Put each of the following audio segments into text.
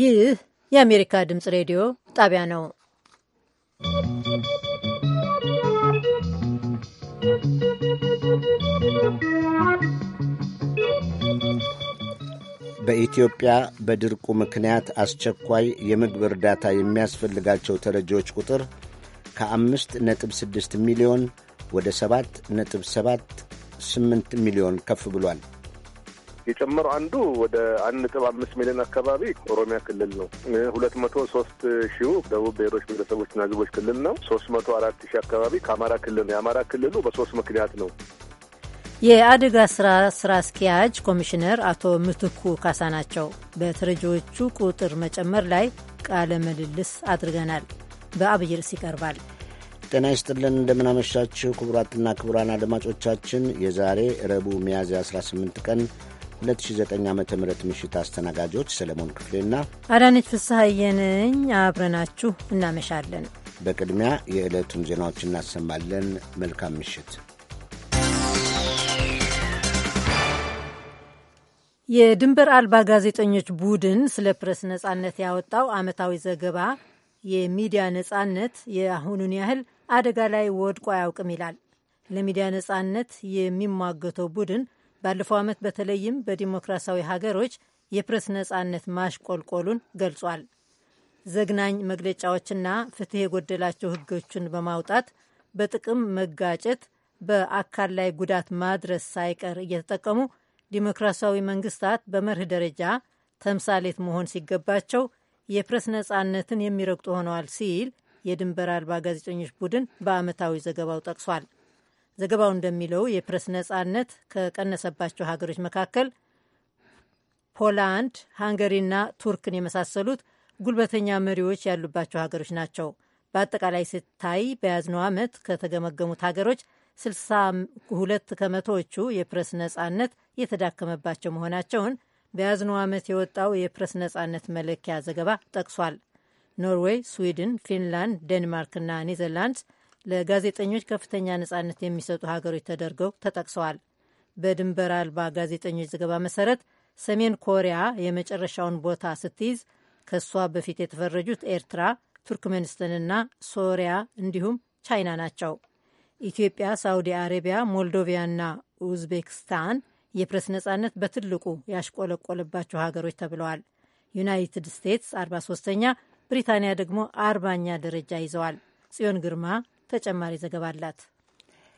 ይህ የአሜሪካ ድምፅ ሬዲዮ ጣቢያ ነው። በኢትዮጵያ በድርቁ ምክንያት አስቸኳይ የምግብ እርዳታ የሚያስፈልጋቸው ተረጂዎች ቁጥር ከአምስት ነጥብ ስድስት ሚሊዮን ወደ ሰባት ነጥብ ሰባት 8 ሚሊዮን ከፍ ብሏል። የጨመረው አንዱ ወደ አንድ ነጥብ አምስት ሚሊዮን አካባቢ ኦሮሚያ ክልል ነው። ሁለት መቶ ሶስት ሺው ደቡብ ብሔሮች ብሔረሰቦችና ሕዝቦች ክልል ነው። ሶስት መቶ አራት ሺህ አካባቢ ከአማራ ክልል ነው። የአማራ ክልሉ በሶስት ምክንያት ነው። የአደጋ ስራ ስራ አስኪያጅ ኮሚሽነር አቶ ምትኩ ካሳ ናቸው። በተረጂዎቹ ቁጥር መጨመር ላይ ቃለ ምልልስ አድርገናል። በአብይ ርዕስ ይቀርባል። ጤና ይስጥልን እንደምናመሻችው ክቡራትና ክቡራን አድማጮቻችን የዛሬ ረቡዕ ሚያዝያ 18 ቀን 2009 ዓ ም ምሽት አስተናጋጆች ሰለሞን ክፍሌና አዳነች ፍስሐየንኝ አብረናችሁ እናመሻለን። በቅድሚያ የዕለቱን ዜናዎች እናሰማለን። መልካም ምሽት። የድንበር አልባ ጋዜጠኞች ቡድን ስለ ፕረስ ነጻነት ያወጣው ዓመታዊ ዘገባ የሚዲያ ነጻነት የአሁኑን ያህል አደጋ ላይ ወድቆ አያውቅም ይላል። ለሚዲያ ነጻነት የሚሟገተው ቡድን ባለፈው ዓመት በተለይም በዲሞክራሲያዊ ሀገሮች የፕሬስ ነጻነት ማሽቆልቆሉን ገልጿል። ዘግናኝ መግለጫዎችና ፍትሕ የጎደላቸው ሕጎችን በማውጣት በጥቅም መጋጨት፣ በአካል ላይ ጉዳት ማድረስ ሳይቀር እየተጠቀሙ ዲሞክራሲያዊ መንግስታት በመርህ ደረጃ ተምሳሌት መሆን ሲገባቸው የፕሬስ ነጻነትን የሚረግጡ ሆነዋል ሲል የድንበር አልባ ጋዜጠኞች ቡድን በአመታዊ ዘገባው ጠቅሷል። ዘገባው እንደሚለው የፕሬስ ነጻነት ከቀነሰባቸው ሀገሮች መካከል ፖላንድ፣ ሃንገሪና ቱርክን የመሳሰሉት ጉልበተኛ መሪዎች ያሉባቸው ሀገሮች ናቸው። በአጠቃላይ ስታይ በያዝነው ዓመት ከተገመገሙት ሀገሮች 62 ከመቶዎቹ የፕሬስ ነጻነት የተዳከመባቸው መሆናቸውን በያዝነው ዓመት የወጣው የፕሬስ ነጻነት መለኪያ ዘገባ ጠቅሷል። ኖርዌይ፣ ስዊድን፣ ፊንላንድ፣ ዴንማርክና ኔዘርላንድስ ለጋዜጠኞች ከፍተኛ ነጻነት የሚሰጡ ሀገሮች ተደርገው ተጠቅሰዋል። በድንበር አልባ ጋዜጠኞች ዘገባ መሰረት ሰሜን ኮሪያ የመጨረሻውን ቦታ ስትይዝ ከእሷ በፊት የተፈረጁት ኤርትራ፣ ቱርክሜኒስትንና ሶሪያ እንዲሁም ቻይና ናቸው። ኢትዮጵያ፣ ሳውዲ አረቢያ፣ ሞልዶቪያና ኡዝቤክስታን የፕሬስ ነጻነት በትልቁ ያሽቆለቆለባቸው ሀገሮች ተብለዋል። ዩናይትድ ስቴትስ 43ኛ ብሪታንያ ደግሞ አርባኛ ደረጃ ይዘዋል። ጽዮን ግርማ ተጨማሪ ዘገባ አላት።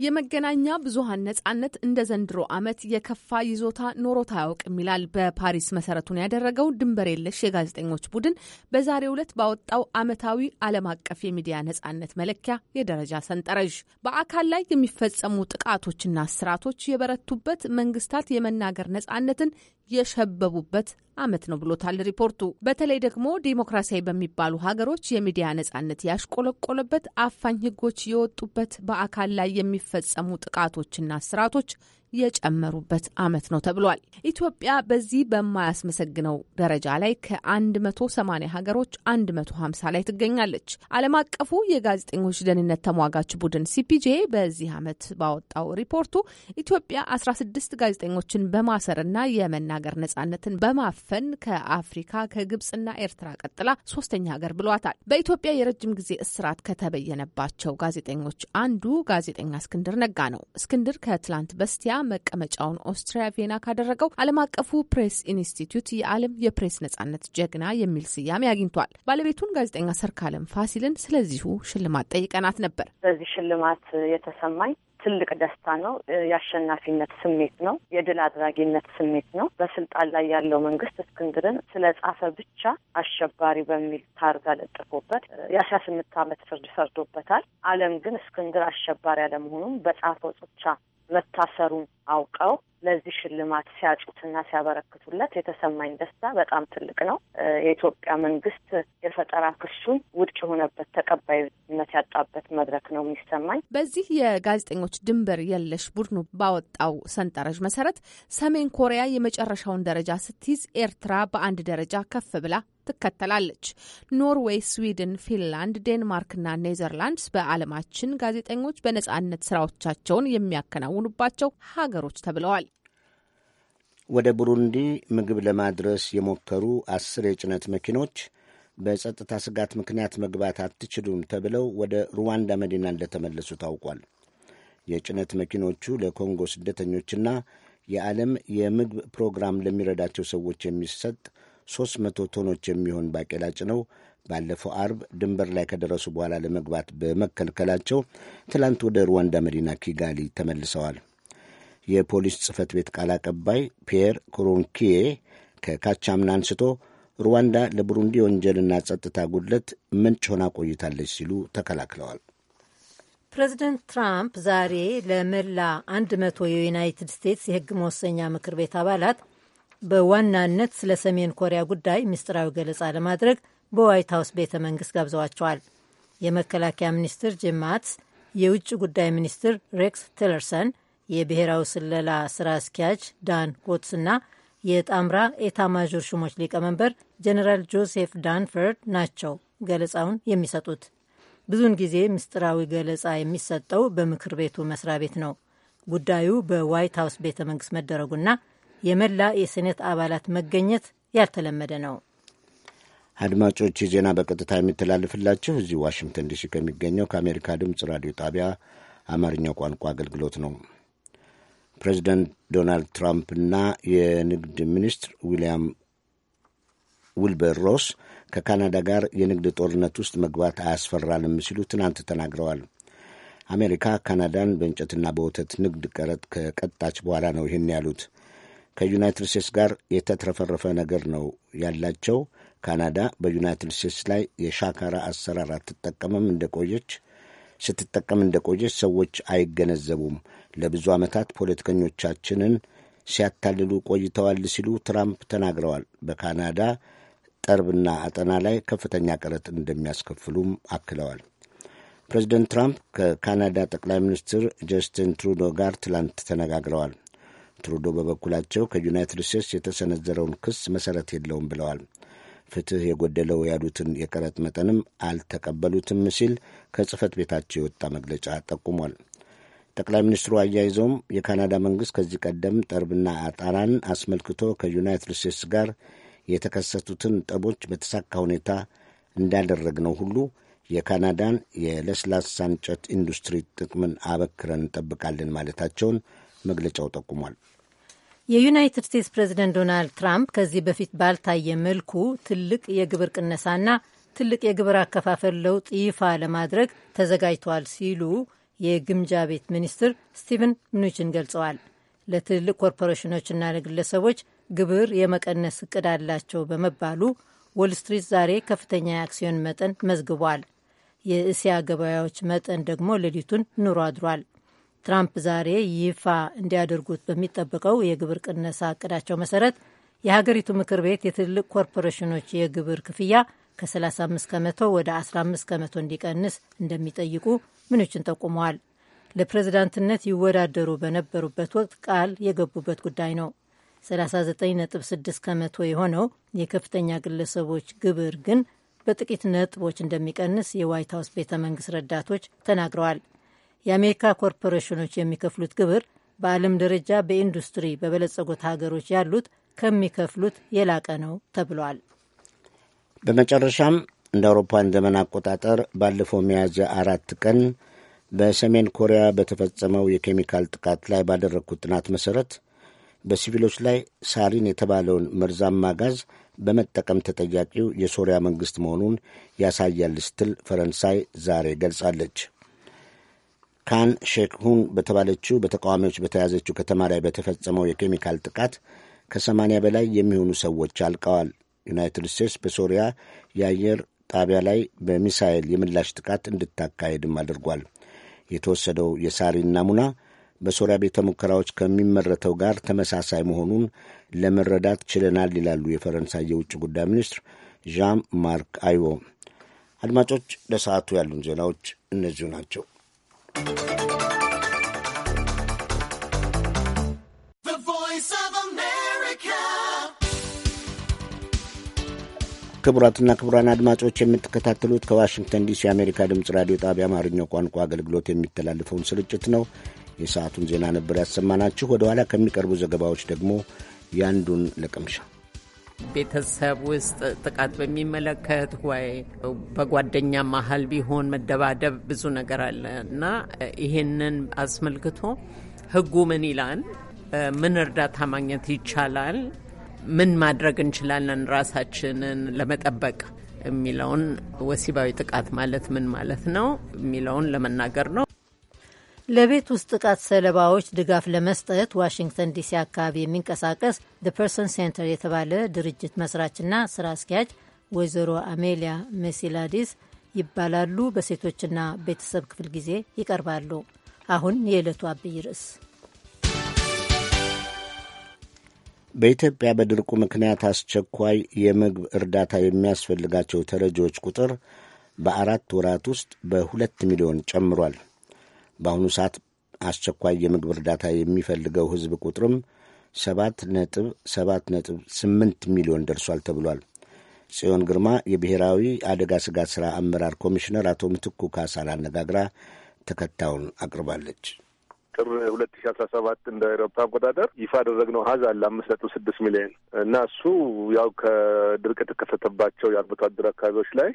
የመገናኛ ብዙሀን ነጻነት እንደ ዘንድሮ ዓመት የከፋ ይዞታ ኖሮት አያውቅም ይላል በፓሪስ መሰረቱን ያደረገው ድንበር የለሽ የጋዜጠኞች ቡድን በዛሬው ዕለት ባወጣው ዓመታዊ ዓለም አቀፍ የሚዲያ ነጻነት መለኪያ የደረጃ ሰንጠረዥ። በአካል ላይ የሚፈጸሙ ጥቃቶችና ስርዓቶች የበረቱበት፣ መንግስታት የመናገር ነጻነትን የሸበቡበት ዓመት ነው ብሎታል ሪፖርቱ። በተለይ ደግሞ ዲሞክራሲያዊ በሚባሉ ሀገሮች የሚዲያ ነጻነት ያሽቆለቆለበት፣ አፋኝ ህጎች የወጡበት፣ በአካል ላይ የሚ የሚፈጸሙ ጥቃቶችና ስርዓቶች የጨመሩበት ዓመት ነው ተብሏል። ኢትዮጵያ በዚህ በማያስመሰግነው ደረጃ ላይ ከ180 ሀገሮች 150 ላይ ትገኛለች። ዓለም አቀፉ የጋዜጠኞች ደህንነት ተሟጋች ቡድን ሲፒጄ በዚህ ዓመት ባወጣው ሪፖርቱ ኢትዮጵያ 16 ጋዜጠኞችን በማሰርና የመናገር ነጻነትን በማፈን ከአፍሪካ ከግብፅና ኤርትራ ቀጥላ ሶስተኛ ሀገር ብሏታል። በኢትዮጵያ የረጅም ጊዜ እስራት ከተበየነባቸው ጋዜጠኞች አንዱ ጋዜጠኛ እስክንድር ነጋ ነው። እስክንድር ከትላንት በስቲያ መቀመጫውን ኦስትሪያ ቬና ካደረገው ዓለም አቀፉ ፕሬስ ኢንስቲትዩት የዓለም የፕሬስ ነጻነት ጀግና የሚል ስያሜ አግኝቷል። ባለቤቱን ጋዜጠኛ ሰርካለም ፋሲልን ስለዚሁ ሽልማት ጠይቀናት ነበር። በዚህ ሽልማት የተሰማኝ ትልቅ ደስታ ነው። የአሸናፊነት ስሜት ነው። የድል አድራጊነት ስሜት ነው። በስልጣን ላይ ያለው መንግስት እስክንድርን ስለ ጻፈ ብቻ አሸባሪ በሚል ታርጋ ለጥፎበት የአስራ ስምንት ዓመት ፍርድ ፈርዶበታል። ዓለም ግን እስክንድር አሸባሪ አለመሆኑም በጻፈው ብቻ መታሰሩን አውቀው ለዚህ ሽልማት ሲያጩትና ሲያበረክቱለት የተሰማኝ ደስታ በጣም ትልቅ ነው። የኢትዮጵያ መንግስት የፈጠራ ክሱን ውድቅ የሆነበት ተቀባይነት ያጣበት መድረክ ነው የሚሰማኝ። በዚህ የጋዜጠኞች ድንበር የለሽ ቡድኑ ባወጣው ሰንጠረዥ መሰረት ሰሜን ኮሪያ የመጨረሻውን ደረጃ ስትይዝ ኤርትራ በአንድ ደረጃ ከፍ ብላ ትከተላለች። ኖርዌይ፣ ስዊድን፣ ፊንላንድ፣ ዴንማርክ እና ኔዘርላንድስ በዓለማችን ጋዜጠኞች በነጻነት ስራዎቻቸውን የሚያከናውኑባቸው ሀገሮች ተብለዋል። ወደ ቡሩንዲ ምግብ ለማድረስ የሞከሩ አስር የጭነት መኪኖች በጸጥታ ስጋት ምክንያት መግባት አትችሉም ተብለው ወደ ሩዋንዳ መዲና እንደተመለሱ ታውቋል። የጭነት መኪኖቹ ለኮንጎ ስደተኞችና የዓለም የምግብ ፕሮግራም ለሚረዳቸው ሰዎች የሚሰጥ 300 ቶኖች የሚሆን ባቄላ ጭነው ባለፈው አርብ ድንበር ላይ ከደረሱ በኋላ ለመግባት በመከልከላቸው ትላንት ወደ ሩዋንዳ መዲና ኪጋሊ ተመልሰዋል። የፖሊስ ጽህፈት ቤት ቃል አቀባይ ፒየር ኩሩንኪዬ ከካቻምና አንስቶ ሩዋንዳ ለቡሩንዲ ወንጀልና ጸጥታ ጉድለት ምንጭ ሆና ቆይታለች ሲሉ ተከላክለዋል። ፕሬዚደንት ትራምፕ ዛሬ ለመላ አንድ መቶ የዩናይትድ ስቴትስ የህግ መወሰኛ ምክር ቤት አባላት በዋናነት ስለ ሰሜን ኮሪያ ጉዳይ ምስጢራዊ ገለጻ ለማድረግ በዋይት ሀውስ ቤተ መንግስት ጋብዘዋቸዋል። የመከላከያ ሚኒስትር ጂም ማትስ፣ የውጭ ጉዳይ ሚኒስትር ሬክስ ቲለርሰን፣ የብሔራዊ ስለላ ስራ አስኪያጅ ዳን ኮትስና የጣምራ ኤታማዦር ሹሞች ሊቀመንበር ጀኔራል ጆሴፍ ዳንፈርድ ናቸው ገለጻውን የሚሰጡት። ብዙውን ጊዜ ምስጢራዊ ገለጻ የሚሰጠው በምክር ቤቱ መስሪያ ቤት ነው። ጉዳዩ በዋይት ሀውስ ቤተ መንግስት መደረጉና የመላ የሴኔት አባላት መገኘት ያልተለመደ ነው። አድማጮች ዜና በቀጥታ የሚተላልፍላችሁ እዚህ ዋሽንግተን ዲሲ ከሚገኘው ከአሜሪካ ድምፅ ራዲዮ ጣቢያ አማርኛው ቋንቋ አገልግሎት ነው። ፕሬዚደንት ዶናልድ ትራምፕና የንግድ ሚኒስትር ዊልያም ውልበር ሮስ ከካናዳ ጋር የንግድ ጦርነት ውስጥ መግባት አያስፈራንም ሲሉ ትናንት ተናግረዋል። አሜሪካ ካናዳን በእንጨትና በወተት ንግድ ቀረጥ ከቀጣች በኋላ ነው ይህን ያሉት። ከዩናይትድ ስቴትስ ጋር የተትረፈረፈ ነገር ነው ያላቸው። ካናዳ በዩናይትድ ስቴትስ ላይ የሻካራ አሰራር አትጠቀምም እንደቆየች ስትጠቀም እንደቆየች ሰዎች አይገነዘቡም። ለብዙ ዓመታት ፖለቲከኞቻችንን ሲያታልሉ ቆይተዋል ሲሉ ትራምፕ ተናግረዋል። በካናዳ ጠርብና አጠና ላይ ከፍተኛ ቀረጥ እንደሚያስከፍሉም አክለዋል። ፕሬዚደንት ትራምፕ ከካናዳ ጠቅላይ ሚኒስትር ጀስቲን ትሩዶ ጋር ትላንት ተነጋግረዋል። ትሩዶ በበኩላቸው ከዩናይትድ ስቴትስ የተሰነዘረውን ክስ መሰረት የለውም ብለዋል። ፍትህ የጎደለው ያሉትን የቀረጥ መጠንም አልተቀበሉትም ሲል ከጽህፈት ቤታቸው የወጣ መግለጫ ጠቁሟል። ጠቅላይ ሚኒስትሩ አያይዘውም የካናዳ መንግሥት ከዚህ ቀደም ጠርብና አጣራን አስመልክቶ ከዩናይትድ ስቴትስ ጋር የተከሰቱትን ጠቦች በተሳካ ሁኔታ እንዳደረግነው ሁሉ የካናዳን የለስላሳ እንጨት ኢንዱስትሪ ጥቅምን አበክረን እንጠብቃለን ማለታቸውን መግለጫው ጠቁሟል። የዩናይትድ ስቴትስ ፕሬዚደንት ዶናልድ ትራምፕ ከዚህ በፊት ባልታየ መልኩ ትልቅ የግብር ቅነሳና ትልቅ የግብር አከፋፈል ለውጥ ይፋ ለማድረግ ተዘጋጅተዋል ሲሉ የግምጃ ቤት ሚኒስትር ስቲቨን ምኑችን ገልጸዋል። ለትልልቅ ኮርፖሬሽኖችና ለግለሰቦች ግብር የመቀነስ እቅድ አላቸው በመባሉ ዎል ስትሪት ዛሬ ከፍተኛ የአክሲዮን መጠን መዝግቧል። የእስያ ገበያዎች መጠን ደግሞ ሌሊቱን ኑሮ አድሯል። ትራምፕ ዛሬ ይፋ እንዲያደርጉት በሚጠበቀው የግብር ቅነሳ እቅዳቸው መሰረት የሀገሪቱ ምክር ቤት የትልቅ ኮርፖሬሽኖች የግብር ክፍያ ከ35 ከመቶ ወደ 15 ከመቶ እንዲቀንስ እንደሚጠይቁ ምንችን ጠቁመዋል። ለፕሬዝዳንትነት ይወዳደሩ በነበሩበት ወቅት ቃል የገቡበት ጉዳይ ነው። 39.6 ከመቶ የሆነው የከፍተኛ ግለሰቦች ግብር ግን በጥቂት ነጥቦች እንደሚቀንስ የዋይት ሀውስ ቤተ መንግስት ረዳቶች ተናግረዋል። የአሜሪካ ኮርፖሬሽኖች የሚከፍሉት ግብር በዓለም ደረጃ በኢንዱስትሪ በበለጸጉት ሀገሮች ያሉት ከሚከፍሉት የላቀ ነው ተብሏል። በመጨረሻም እንደ አውሮፓውያን ዘመን አቆጣጠር ባለፈው ሚያዝያ አራት ቀን በሰሜን ኮሪያ በተፈጸመው የኬሚካል ጥቃት ላይ ባደረግኩት ጥናት መሠረት በሲቪሎች ላይ ሳሪን የተባለውን መርዛማ ጋዝ በመጠቀም ተጠያቂው የሶሪያ መንግሥት መሆኑን ያሳያል ስትል ፈረንሳይ ዛሬ ገልጻለች። ካን ሼክሁን በተባለችው በተቃዋሚዎች በተያዘችው ከተማ ላይ በተፈጸመው የኬሚካል ጥቃት ከሰማንያ በላይ የሚሆኑ ሰዎች አልቀዋል። ዩናይትድ ስቴትስ በሶሪያ የአየር ጣቢያ ላይ በሚሳኤል የምላሽ ጥቃት እንድታካሄድም አድርጓል። የተወሰደው የሳሪን ናሙና በሶሪያ ቤተ ሙከራዎች ከሚመረተው ጋር ተመሳሳይ መሆኑን ለመረዳት ችለናል ይላሉ የፈረንሳይ የውጭ ጉዳይ ሚኒስትር ዣን ማርክ አይቦ። አድማጮች፣ ለሰዓቱ ያሉን ዜናዎች እነዚሁ ናቸው። ክቡራትና ክቡራን አድማጮች የምትከታተሉት ከዋሽንግተን ዲሲ የአሜሪካ ድምፅ ራዲዮ ጣቢያ አማርኛው ቋንቋ አገልግሎት የሚተላለፈውን ስርጭት ነው። የሰዓቱን ዜና ነበር ያሰማናችሁ። ወደ ኋላ ከሚቀርቡ ዘገባዎች ደግሞ ያንዱን ለቅምሻ ቤተሰብ ውስጥ ጥቃት በሚመለከት ወይ በጓደኛ መሀል ቢሆን መደባደብ ብዙ ነገር አለ እና ይሄንን አስመልክቶ ህጉ ምን ይላል? ምን እርዳታ ማግኘት ይቻላል? ምን ማድረግ እንችላለን ራሳችንን ለመጠበቅ የሚለውን ወሲባዊ ጥቃት ማለት ምን ማለት ነው የሚለውን ለመናገር ነው። ለቤት ውስጥ ጥቃት ሰለባዎች ድጋፍ ለመስጠት ዋሽንግተን ዲሲ አካባቢ የሚንቀሳቀስ ዘ ፐርሰን ሴንተር የተባለ ድርጅት መስራችና ስራ አስኪያጅ ወይዘሮ አሜሊያ ሜሲላዲስ ይባላሉ። በሴቶችና ቤተሰብ ክፍል ጊዜ ይቀርባሉ። አሁን የዕለቱ አብይ ርዕስ በኢትዮጵያ በድርቁ ምክንያት አስቸኳይ የምግብ እርዳታ የሚያስፈልጋቸው ተረጂዎች ቁጥር በአራት ወራት ውስጥ በሁለት ሚሊዮን ጨምሯል። በአሁኑ ሰዓት አስቸኳይ የምግብ እርዳታ የሚፈልገው ሕዝብ ቁጥርም ሰባት ነጥብ ሰባት ነጥብ ስምንት ሚሊዮን ደርሷል ተብሏል። ጽዮን ግርማ የብሔራዊ አደጋ ስጋት ሥራ አመራር ኮሚሽነር አቶ ምትኩ ካሳን አነጋግራ ተከታዩን አቅርባለች። ጥር ሁለት ሺ አስራ ሰባት እንደ አውሮፓ አቆጣጠር ይፋ ያደረግነው ሀዛ አለ አምስት ነጥብ ስድስት ሚሊዮን እና እሱ ያው ከድርቅ የተከሰተባቸው የአርብቶ አደር አካባቢዎች ላይ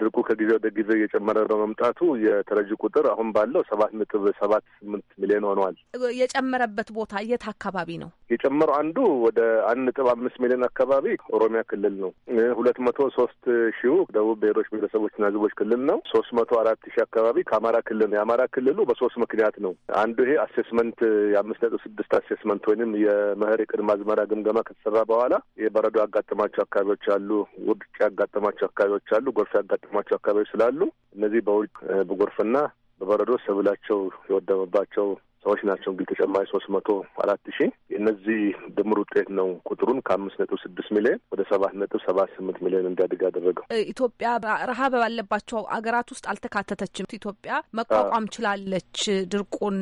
ድርቁ ከጊዜ ወደ ጊዜ እየጨመረ በመምጣቱ የተረጂ ቁጥር አሁን ባለው ሰባት ነጥብ ሰባት ስምንት ሚሊዮን ሆነዋል። የጨመረበት ቦታ የት አካባቢ ነው የጨመረው? አንዱ ወደ አንድ ነጥብ አምስት ሚሊዮን አካባቢ ኦሮሚያ ክልል ነው። ሁለት መቶ ሶስት ሺው ደቡብ ብሔሮች ብሔረሰቦችና ህዝቦች ክልል ነው። ሶስት መቶ አራት ሺህ አካባቢ ከአማራ ክልል ነው። የአማራ ክልሉ በሶስት ምክንያት ነው አንዱ አሴስመንት የአምስት ነጥብ ስድስት አሴስመንት ወይንም የመኸር የቅድመ አዝመራ ግምገማ ከተሰራ በኋላ የበረዶ ያጋጠማቸው አካባቢዎች አሉ፣ ውድጭ ያጋጠማቸው አካባቢዎች አሉ፣ ጎርፍ ያጋጠማቸው አካባቢዎች ስላሉ እነዚህ በውድቅ በጎርፍና በበረዶ ሰብላቸው የወደመባቸው ሰዎች ናቸው። እንግዲህ ተጨማሪ ሶስት መቶ አራት ሺህ የእነዚህ ድምር ውጤት ነው ቁጥሩን ከአምስት ነጥብ ስድስት ሚሊዮን ወደ ሰባት ነጥብ ሰባት ስምንት ሚሊዮን እንዲያድግ ያደረገው። ኢትዮጵያ ረሀብ ባለባቸው አገራት ውስጥ አልተካተተችም። ኢትዮጵያ መቋቋም ችላለች ድርቁን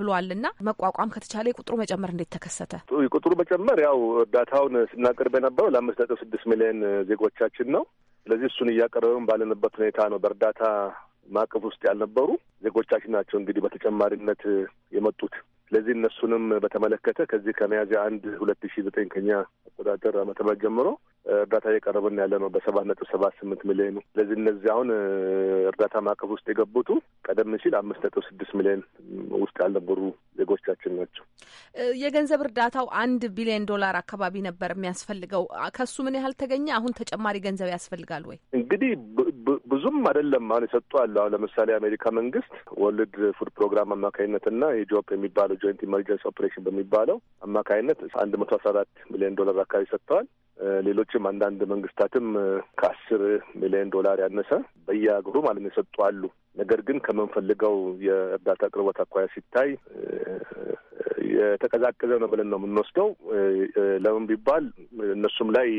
ብሏል እና መቋቋም ከተቻለ የቁጥሩ መጨመር እንዴት ተከሰተ? የቁጥሩ መጨመር ያው እርዳታውን ስናቀርብ የነበረው ለአምስት ነጥብ ስድስት ሚሊዮን ዜጎቻችን ነው። ስለዚህ እሱን እያቀረበን ባለንበት ሁኔታ ነው በእርዳታ ማዕቀፍ ውስጥ ያልነበሩ ዜጎቻችን ናቸው እንግዲህ በተጨማሪነት የመጡት። ስለዚህ እነሱንም በተመለከተ ከዚህ ከሚያዝያ አንድ ሁለት ሺ ዘጠኝ ከኛ አቆጣጠር ዓመተ ምህረት ጀምሮ እርዳታ እየቀረብን ያለ ነው በሰባት ነጥብ ሰባት ስምንት ሚሊዮኑ። ስለዚህ እነዚህ አሁን እርዳታ ማዕቀፍ ውስጥ የገቡቱ ቀደም ሲል አምስት ነጥብ ስድስት ሚሊዮን ውስጥ ያልነበሩ ዜጎቻችን ናቸው። የገንዘብ እርዳታው አንድ ቢሊዮን ዶላር አካባቢ ነበር የሚያስፈልገው። ከሱ ምን ያህል ተገኘ? አሁን ተጨማሪ ገንዘብ ያስፈልጋል ወይ? እንግዲህ ብዙም አይደለም። አሁን የሰጡ አለ። አሁን ለምሳሌ የአሜሪካ መንግስት ወርልድ ፉድ ፕሮግራም አማካኝነትና የጆፕ የሚባለው ጆይንት ኢመርጀንስ ኦፕሬሽን በሚባለው አማካኝነት አንድ መቶ አስራ አራት ሚሊዮን ዶላር አካባቢ ሰጥተዋል። ሌሎችም አንዳንድ መንግስታትም ከአስር ሚሊዮን ዶላር ያነሰ በየአገሩ ማለት ነው የሰጡ አሉ። ነገር ግን ከምንፈልገው የእርዳታ አቅርቦት አኳያ ሲታይ የተቀዛቀዘ ነው ብለን ነው የምንወስደው። ለምን ቢባል እነሱም ላይ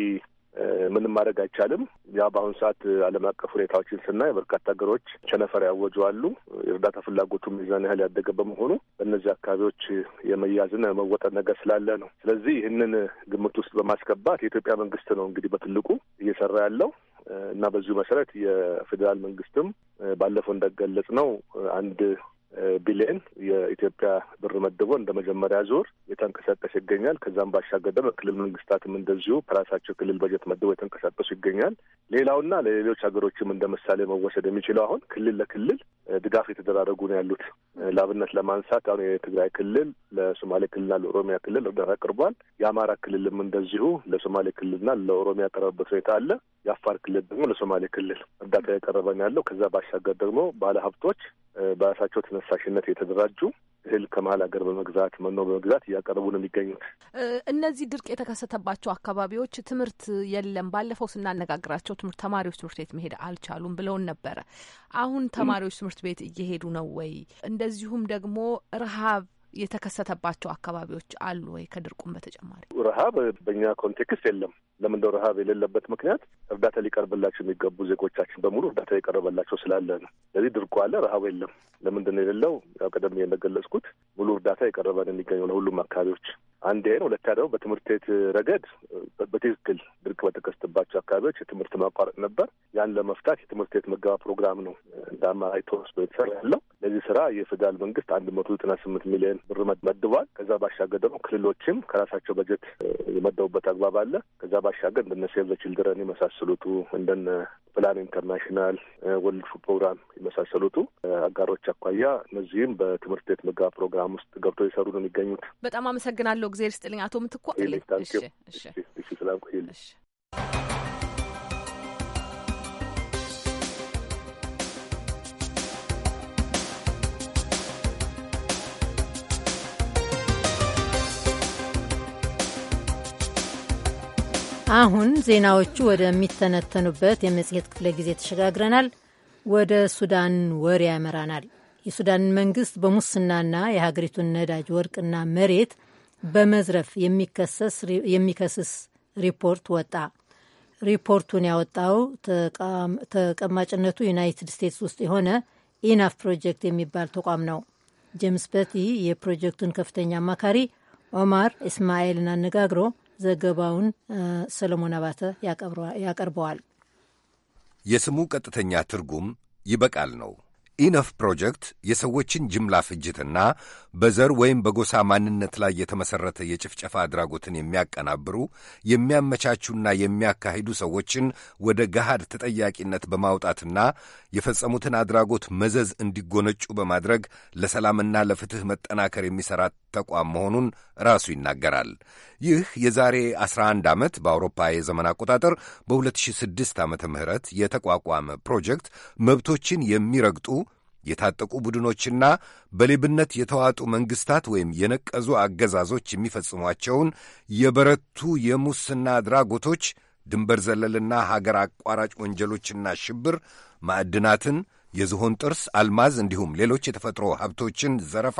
ምንም ማድረግ አይቻልም። ያ በአሁኑ ሰዓት ዓለም አቀፍ ሁኔታዎችን ስናይ በርካታ ሀገሮች ቸነፈር ያወጁ አሉ። የእርዳታ ፍላጎቱ ሚዛን ያህል ያደገ በመሆኑ በእነዚህ አካባቢዎች የመያዝና የመወጠር ነገር ስላለ ነው። ስለዚህ ይህንን ግምት ውስጥ በማስገባት የኢትዮጵያ መንግስት ነው እንግዲህ በትልቁ እየሰራ ያለው እና በዚሁ መሰረት የፌዴራል መንግስትም ባለፈው እንደገለጽ ነው አንድ ቢሊየን የኢትዮጵያ ብር መድቦ እንደ መጀመሪያ ዙር የተንቀሳቀስ ይገኛል። ከዛም ባሻገር ደግሞ ክልል መንግስታትም እንደዚሁ ከራሳቸው ክልል በጀት መድቦ የተንቀሳቀሱ ይገኛል። ሌላውና ለሌሎች ሀገሮችም እንደ ምሳሌ መወሰድ የሚችለው አሁን ክልል ለክልል ድጋፍ የተደራረጉ ነው ያሉት። ለአብነት ለማንሳት አሁን የትግራይ ክልል ለሶማሌ ክልልና ለኦሮሚያ ክልል እርዳታ አቅርቧል። የአማራ ክልልም እንደዚሁ ለሶማሌ ክልልና ለኦሮሚያ ቀረበበት ሁኔታ አለ። የአፋር ክልል ደግሞ ለሶማሌ ክልል እርዳታ ያቀረበን ያለው ከዛ ባሻገር ደግሞ ባለሀብቶች በራሳቸው ተነሳሽነት የተደራጁ እህል ከመሀል ሀገር በመግዛት መኖ በመግዛት እያቀረቡ ነው የሚገኙት። እነዚህ ድርቅ የተከሰተባቸው አካባቢዎች ትምህርት የለም። ባለፈው ስናነጋግራቸው ትምህርት ተማሪዎች ትምህርት ቤት መሄድ አልቻሉም ብለውን ነበረ። አሁን ተማሪዎች ትምህርት ቤት እየሄዱ ነው ወይ? እንደዚሁም ደግሞ ረሀብ የተከሰተባቸው አካባቢዎች አሉ ወይ? ከድርቁም በተጨማሪ ረሀብ በእኛ ኮንቴክስት የለም። ለምንደው ረሀብ የሌለበት ምክንያት እርዳታ ሊቀርብላቸው የሚገቡ ዜጎቻችን በሙሉ እርዳታ የቀረበላቸው ስላለ ነው። ስለዚህ ድርቁ አለ፣ ረሀብ የለም። ለምንድነው የሌለው? ያው ቀደም እንደገለጽኩት ሙሉ እርዳታ የቀረበን ነው የሚገኘው ለሁሉም አካባቢዎች። አንድ ይሄ ሁለት ደግሞ በትምህርት ቤት ረገድ በትክክል ድርቅ በተከሰተባቸው አካባቢዎች የትምህርት ማቋረጥ ነበር። ያን ለመፍታት የትምህርት ቤት መገባ ፕሮግራም ነው እንደ አማራጭ ተወስዶ የተሰራ ያለው። ለዚህ ስራ የፌዴራል መንግስት አንድ መቶ ዘጠና ስምንት ሚሊዮን ብር መድቧል። ከዛ ባሻገር ደግሞ ክልሎችም ከራሳቸው በጀት የመደቡበት አግባብ አለ። ከዛ ባሻገር እንደነ ሴቭ ዘ ችልድረን የመሳሰሉቱ እንደነ ፕላን ኢንተርናሽናል፣ ወርልድ ፉድ ፕሮግራም የመሳሰሉቱ አጋሮች አኳያ እነዚህም በትምህርት ቤት ምገባ ፕሮግራም ውስጥ ገብቶ የሰሩ ነው የሚገኙት። በጣም አመሰግናለሁ። እግዜር ስጥልኝ አቶ ምትኳ ስላቆይልሽ አሁን ዜናዎቹ ወደሚተነተኑበት የመጽሔት ክፍለ ጊዜ ተሸጋግረናል። ወደ ሱዳን ወሬ ያመራናል። የሱዳን መንግስት በሙስናና የሀገሪቱን ነዳጅ ወርቅና መሬት በመዝረፍ የሚከስስ ሪፖርት ወጣ። ሪፖርቱን ያወጣው ተቀማጭነቱ ዩናይትድ ስቴትስ ውስጥ የሆነ ኢናፍ ፕሮጀክት የሚባል ተቋም ነው። ጄምስ በቲ የፕሮጀክቱን ከፍተኛ አማካሪ ኦማር እስማኤልን አነጋግሮ ዘገባውን ሰለሞን አባተ ያቀርበዋል። የስሙ ቀጥተኛ ትርጉም ይበቃል ነው። ኢነፍ ፕሮጀክት የሰዎችን ጅምላ ፍጅትና በዘር ወይም በጎሳ ማንነት ላይ የተመሠረተ የጭፍጨፋ አድራጎትን የሚያቀናብሩ የሚያመቻቹና የሚያካሂዱ ሰዎችን ወደ ገሃድ ተጠያቂነት በማውጣትና የፈጸሙትን አድራጎት መዘዝ እንዲጎነጩ በማድረግ ለሰላምና ለፍትሕ መጠናከር የሚሠራ ተቋም መሆኑን ራሱ ይናገራል። ይህ የዛሬ 11 ዓመት በአውሮፓ የዘመን አቆጣጠር በ2006 ዓመተ ምህረት የተቋቋመ ፕሮጀክት መብቶችን የሚረግጡ የታጠቁ ቡድኖችና በሌብነት የተዋጡ መንግሥታት ወይም የነቀዙ አገዛዞች የሚፈጽሟቸውን የበረቱ የሙስና አድራጎቶች፣ ድንበር ዘለልና ሀገር አቋራጭ ወንጀሎችና ሽብር፣ ማዕድናትን የዝሆን ጥርስ፣ አልማዝ እንዲሁም ሌሎች የተፈጥሮ ሀብቶችን ዘረፋ፣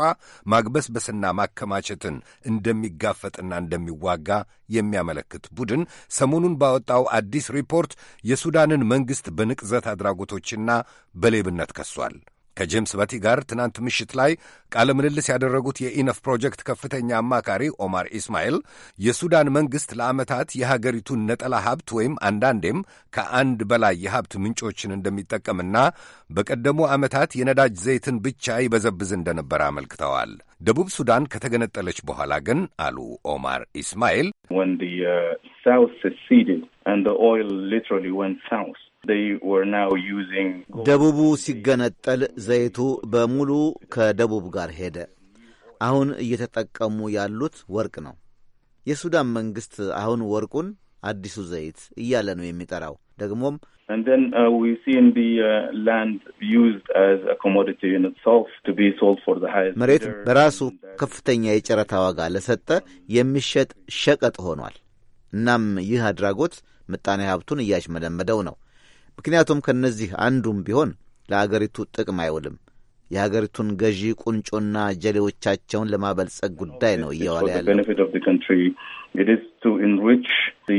ማግበስበስና ማከማቸትን እንደሚጋፈጥና እንደሚዋጋ የሚያመለክት ቡድን ሰሞኑን ባወጣው አዲስ ሪፖርት የሱዳንን መንግሥት በንቅዘት አድራጎቶችና በሌብነት ከሷል። ከጄምስ በቲ ጋር ትናንት ምሽት ላይ ቃለ ምልልስ ያደረጉት የኢነፍ ፕሮጀክት ከፍተኛ አማካሪ ኦማር ኢስማኤል የሱዳን መንግሥት ለዓመታት የሀገሪቱን ነጠላ ሀብት ወይም አንዳንዴም ከአንድ በላይ የሀብት ምንጮችን እንደሚጠቀምና በቀደሙ ዓመታት የነዳጅ ዘይትን ብቻ ይበዘብዝ እንደነበረ አመልክተዋል። ደቡብ ሱዳን ከተገነጠለች በኋላ ግን አሉ ኦማር ኢስማኤል ደቡቡ ሲገነጠል ዘይቱ በሙሉ ከደቡብ ጋር ሄደ። አሁን እየተጠቀሙ ያሉት ወርቅ ነው። የሱዳን መንግስት አሁን ወርቁን አዲሱ ዘይት እያለ ነው የሚጠራው። ደግሞም uh, uh, መሬቱ በራሱ uh, ከፍተኛ የጨረታ ዋጋ ለሰጠ የሚሸጥ ሸቀጥ ሆኗል። እናም ይህ አድራጎት ምጣኔ ሀብቱን እያሽመደመደው ነው። ምክንያቱም ከእነዚህ አንዱም ቢሆን ለአገሪቱ ጥቅም አይውልም። የሀገሪቱን ገዢ ቁንጮና ጀሌዎቻቸውን ለማበልጸግ ጉዳይ ነው እየዋለ ያለው። Uh,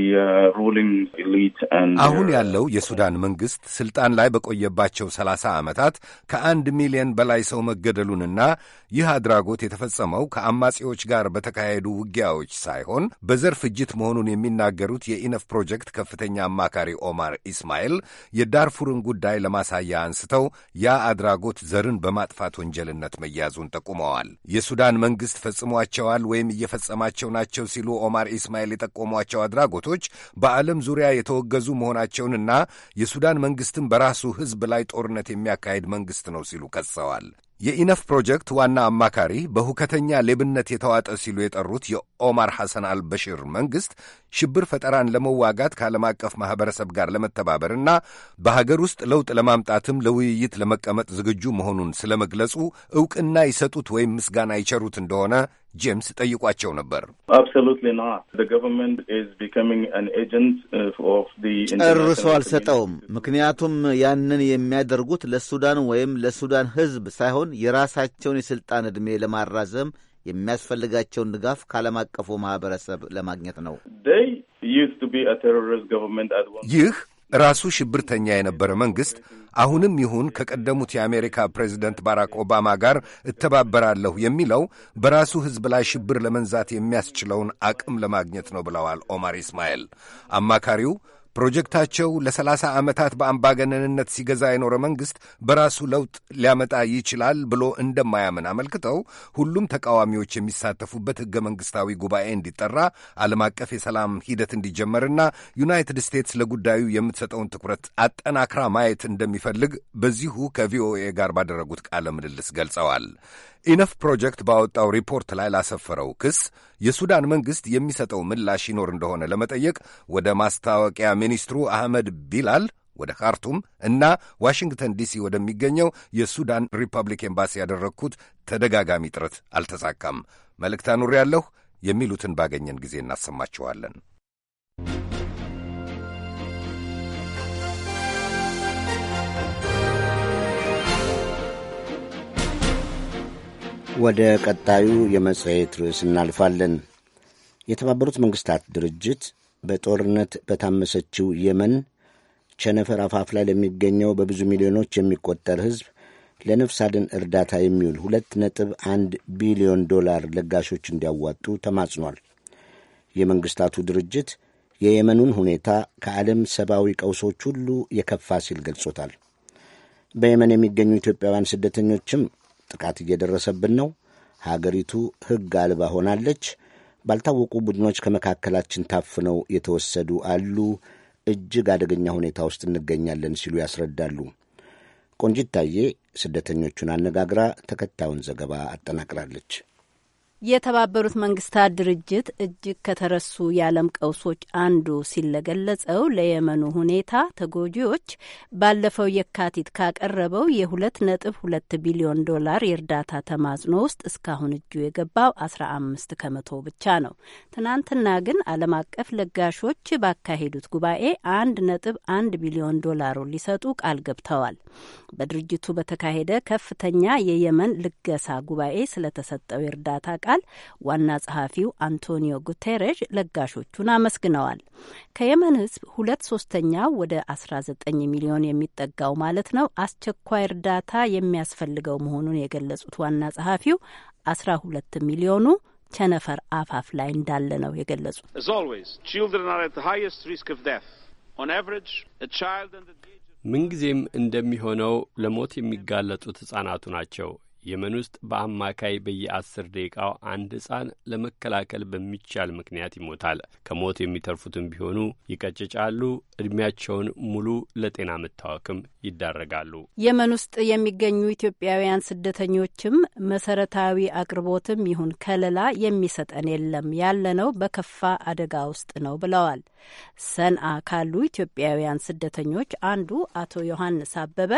አሁን ያለው የሱዳን መንግሥት ስልጣን ላይ በቆየባቸው ሰላሳ ዓመታት ከአንድ ሚሊዮን በላይ ሰው መገደሉንና ይህ አድራጎት የተፈጸመው ከአማጺዎች ጋር በተካሄዱ ውጊያዎች ሳይሆን በዘር ፍጅት መሆኑን የሚናገሩት የኢነፍ ፕሮጀክት ከፍተኛ አማካሪ ኦማር ኢስማኤል የዳርፉርን ጉዳይ ለማሳያ አንስተው ያ አድራጎት ዘርን በማጥፋት ወንጀልነት መያዙን ጠቁመዋል። የሱዳን መንግሥት ፈጽሟቸዋል ወይም እየፈጸማቸው ናቸው ሲሉ ኦማር ኢስማኤል የጠቆሟቸው አድራጎቶች በዓለም ዙሪያ የተወገዙ መሆናቸውንና የሱዳን መንግስትን በራሱ ሕዝብ ላይ ጦርነት የሚያካሄድ መንግሥት ነው ሲሉ ከሰዋል። የኢነፍ ፕሮጀክት ዋና አማካሪ በሁከተኛ ሌብነት የተዋጠ ሲሉ የጠሩት የኦማር ሐሰን አልበሽር መንግሥት ሽብር ፈጠራን ለመዋጋት ከዓለም አቀፍ ማኅበረሰብ ጋር ለመተባበርና በሀገር ውስጥ ለውጥ ለማምጣትም ለውይይት ለመቀመጥ ዝግጁ መሆኑን ስለ መግለጹ ዕውቅና ይሰጡት ወይም ምስጋና ይቸሩት እንደሆነ ጄምስ ጠይቋቸው ነበር። uh, ጨርሶ አልሰጠውም። ምክንያቱም ያንን የሚያደርጉት ለሱዳን ወይም ለሱዳን ሕዝብ ሳይሆን የራሳቸውን የሥልጣን ዕድሜ ለማራዘም የሚያስፈልጋቸውን ድጋፍ ከዓለም አቀፉ ማህበረሰብ ለማግኘት ነው። ይህ ራሱ ሽብርተኛ የነበረ መንግሥት አሁንም ይሁን ከቀደሙት የአሜሪካ ፕሬዚደንት ባራክ ኦባማ ጋር እተባበራለሁ የሚለው በራሱ ሕዝብ ላይ ሽብር ለመንዛት የሚያስችለውን አቅም ለማግኘት ነው ብለዋል ኦማር ኢስማኤል አማካሪው ፕሮጀክታቸው ለሰላሳ ዓመታት በአምባገነንነት ሲገዛ የኖረ መንግሥት በራሱ ለውጥ ሊያመጣ ይችላል ብሎ እንደማያምን አመልክተው ሁሉም ተቃዋሚዎች የሚሳተፉበት ሕገ መንግሥታዊ ጉባኤ እንዲጠራ ዓለም አቀፍ የሰላም ሂደት እንዲጀመርና ዩናይትድ ስቴትስ ለጉዳዩ የምትሰጠውን ትኩረት አጠናክራ ማየት እንደሚፈልግ በዚሁ ከቪኦኤ ጋር ባደረጉት ቃለ ምልልስ ገልጸዋል። ኢነፍ ፕሮጀክት ባወጣው ሪፖርት ላይ ላሰፈረው ክስ የሱዳን መንግሥት የሚሰጠው ምላሽ ይኖር እንደሆነ ለመጠየቅ ወደ ማስታወቂያ ሚኒስትሩ አህመድ ቢላል ወደ ካርቱም እና ዋሽንግተን ዲሲ ወደሚገኘው የሱዳን ሪፐብሊክ ኤምባሲ ያደረግኩት ተደጋጋሚ ጥረት አልተሳካም። መልእክት አኑሬ ያለሁ የሚሉትን ባገኘን ጊዜ እናሰማችኋለን። ወደ ቀጣዩ የመጽሔት ርዕስ እናልፋለን። የተባበሩት መንግሥታት ድርጅት በጦርነት በታመሰችው የመን ቸነፈር አፋፍ ላይ ለሚገኘው በብዙ ሚሊዮኖች የሚቆጠር ሕዝብ ለነፍስ አድን እርዳታ የሚውል ሁለት ነጥብ አንድ ቢሊዮን ዶላር ለጋሾች እንዲያዋጡ ተማጽኗል። የመንግሥታቱ ድርጅት የየመኑን ሁኔታ ከዓለም ሰብአዊ ቀውሶች ሁሉ የከፋ ሲል ገልጾታል። በየመን የሚገኙ ኢትዮጵያውያን ስደተኞችም ጥቃት እየደረሰብን ነው፣ ሀገሪቱ ሕግ አልባ ሆናለች፣ ባልታወቁ ቡድኖች ከመካከላችን ታፍነው የተወሰዱ አሉ፣ እጅግ አደገኛ ሁኔታ ውስጥ እንገኛለን ሲሉ ያስረዳሉ። ቆንጂት ታዬ ስደተኞቹን አነጋግራ ተከታዩን ዘገባ አጠናቅራለች። የተባበሩት መንግስታት ድርጅት እጅግ ከተረሱ የዓለም ቀውሶች አንዱ ሲል ለገለጸው ለየመኑ ሁኔታ ተጎጂዎች ባለፈው የካቲት ካቀረበው የሁለት ነጥብ ቢሊዮን ዶላር የእርዳታ ተማጽኖ ውስጥ እስካሁን እጁ የገባው 15 ከመቶ ብቻ ነው። ትናንትና ግን ዓለም አቀፍ ለጋሾች ባካሄዱት ጉባኤ አንድ ነጥብ ቢሊዮን ዶላሩን ሊሰጡ ቃል ገብተዋል። በድርጅቱ በተካሄደ ከፍተኛ የየመን ልገሳ ጉባኤ ስለተሰጠው የእርዳታ ቃል ዋና ጸሐፊው አንቶኒዮ ጉቴሬሽ ለጋሾቹን አመስግነዋል። ከየመን ህዝብ ሁለት ሶስተኛው ወደ 19 ሚሊዮን የሚጠጋው ማለት ነው አስቸኳይ እርዳታ የሚያስፈልገው መሆኑን የገለጹት ዋና ጸሐፊው 12 ሚሊዮኑ ቸነፈር አፋፍ ላይ እንዳለ ነው የገለጹት። ምንጊዜም እንደሚሆነው ለሞት የሚጋለጡት ሕጻናቱ ናቸው። የመን ውስጥ በአማካይ በየአስር ደቂቃው አንድ ሕፃን ለመከላከል በሚቻል ምክንያት ይሞታል። ከሞት የሚተርፉትም ቢሆኑ ይቀጭጫሉ፣ እድሜያቸውን ሙሉ ለጤና መታወክም ይዳረጋሉ። የመን ውስጥ የሚገኙ ኢትዮጵያውያን ስደተኞችም መሰረታዊ አቅርቦትም ይሁን ከለላ የሚሰጠን የለም፣ ያለነው በከፋ አደጋ ውስጥ ነው ብለዋል። ሰንአ ካሉ ኢትዮጵያውያን ስደተኞች አንዱ አቶ ዮሐንስ አበበ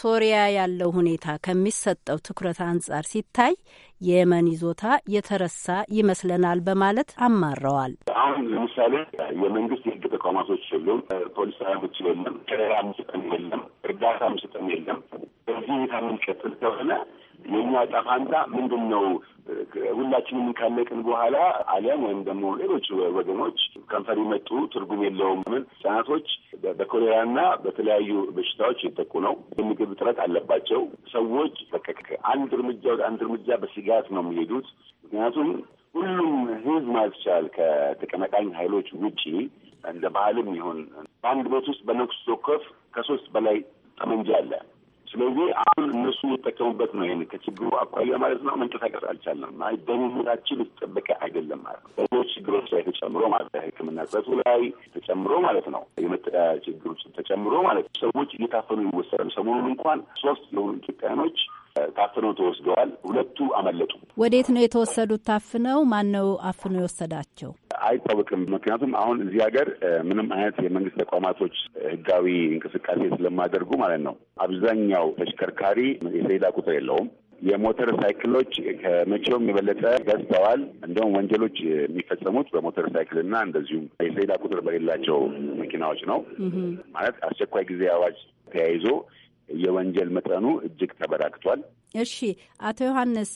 ሶሪያ ያለው ሁኔታ ከሚሰጠው ትኩረት አንጻር ሲታይ የየመን ይዞታ የተረሳ ይመስለናል በማለት አማረዋል። አሁን ለምሳሌ የመንግስት የህግ ተቋማቶች የሉም፣ ፖሊስ ሰራቶች የለም፣ ከለላ ምስጠን የለም፣ እርዳታ ምስጠን የለም። በዚህ ሁኔታ የምንቀጥል ከሆነ የእኛ ዕጣ ፈንታ ምንድን ነው? ሁላችንም ካለቅን በኋላ አሊያም ወይም ደግሞ ሌሎች ወገኖች ከንፈር የመጡ ትርጉም የለውም። ምን ህጻናቶች በኮሌራና በተለያዩ በሽታዎች የተጠቁ ነው። የምግብ እጥረት አለባቸው። ሰዎች በቃ አንድ እርምጃ ወደ አንድ እርምጃ በስጋት ነው የሚሄዱት። ምክንያቱም ሁሉም ህዝብ ማለት ይቻላል ከተቀናቃኝ ኃይሎች ውጪ እንደ ባህልም ይሁን በአንድ ቤት ውስጥ በነፍስ ወከፍ ከሶስት በላይ ጠመንጃ አለ። ስለዚህ አሁን እነሱ የሚጠቀሙበት ነው። ይህን ከችግሩ አኳያ ማለት ነው መንቀሳቀስ አልቻለም። አይ ደህንነታችን የተጠበቀ አይደለም ማለት ነው። በሌሎች ችግሮች ላይ ተጨምሮ ማለት ሕክምና ጸቱ ላይ ተጨምሮ ማለት ነው። የመጠለያ ችግሮች ተጨምሮ ማለት ነው። ሰዎች እየታፈኑ ይወሰዳሉ። ሰሞኑን እንኳን ሶስት የሆኑ ኢትዮጵያኖች ታፍኖ ተወስደዋል። ሁለቱ አመለጡ። ወዴት ነው የተወሰዱት? ታፍነው ማን ነው አፍኖ የወሰዳቸው? አይታወቅም። ምክንያቱም አሁን እዚህ ሀገር ምንም አይነት የመንግስት ተቋማቶች ህጋዊ እንቅስቃሴ ስለማደርጉ ማለት ነው። አብዛኛው ተሽከርካሪ የሰሌዳ ቁጥር የለውም። የሞተር ሳይክሎች ከመቼውም የበለጠ ገዝተዋል። እንደውም ወንጀሎች የሚፈጸሙት በሞተር ሳይክል እና እንደዚሁም የሰሌዳ ቁጥር በሌላቸው መኪናዎች ነው። ማለት አስቸኳይ ጊዜ አዋጅ ተያይዞ የወንጀል መጠኑ እጅግ ተበራክቷል። እሺ፣ አቶ ዮሐንስ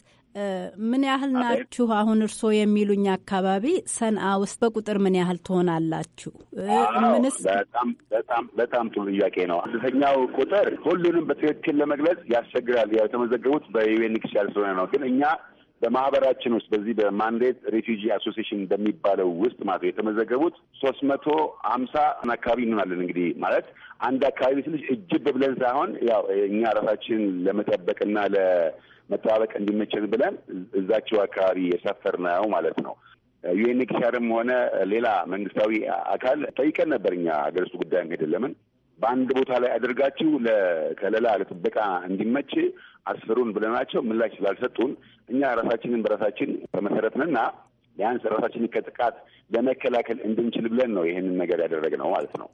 ምን ያህል ናችሁ? አሁን እርስዎ የሚሉኝ አካባቢ ሰንአ ውስጥ በቁጥር ምን ያህል ትሆናላችሁ? ምንስ በጣም በጣም በጣም ጥሩ ጥያቄ ነው። አንደኛው ቁጥር ሁሉንም በትክክል ለመግለጽ ያስቸግራል። ያው የተመዘገቡት በዩኤንኤችሲአር ስለሆነ ነው። ግን እኛ በማህበራችን ውስጥ በዚህ በማንዴት ሬፊጂ አሶሲሽን በሚባለው ውስጥ ማለት የተመዘገቡት ሶስት መቶ ሀምሳ አካባቢ እንሆናለን። እንግዲህ ማለት አንድ አካባቢ ትንሽ እጅብ ብለን ሳይሆን ያው እኛ ራሳችን ለመጠበቅና ለመጠባበቅ እንዲመቸን ብለን እዛቸው አካባቢ ነው ማለት ነው። ዩኤንኤችሲአርም ሆነ ሌላ መንግስታዊ አካል ጠይቀን ነበር። እኛ ሀገር ውስጥ ጉዳይ ሄደን ለምን በአንድ ቦታ ላይ አድርጋችሁ ለከለላ ለጥበቃ እንዲመች አስፍሩን ብለናቸው ምላሽ ስላልሰጡን እኛ ራሳችንን በራሳችን በመሰረትንና ቢያንስ ራሳችንን ከጥቃት ለመከላከል እንድንችል ብለን ነው ይህንን ነገር ያደረግነው ማለት ነው።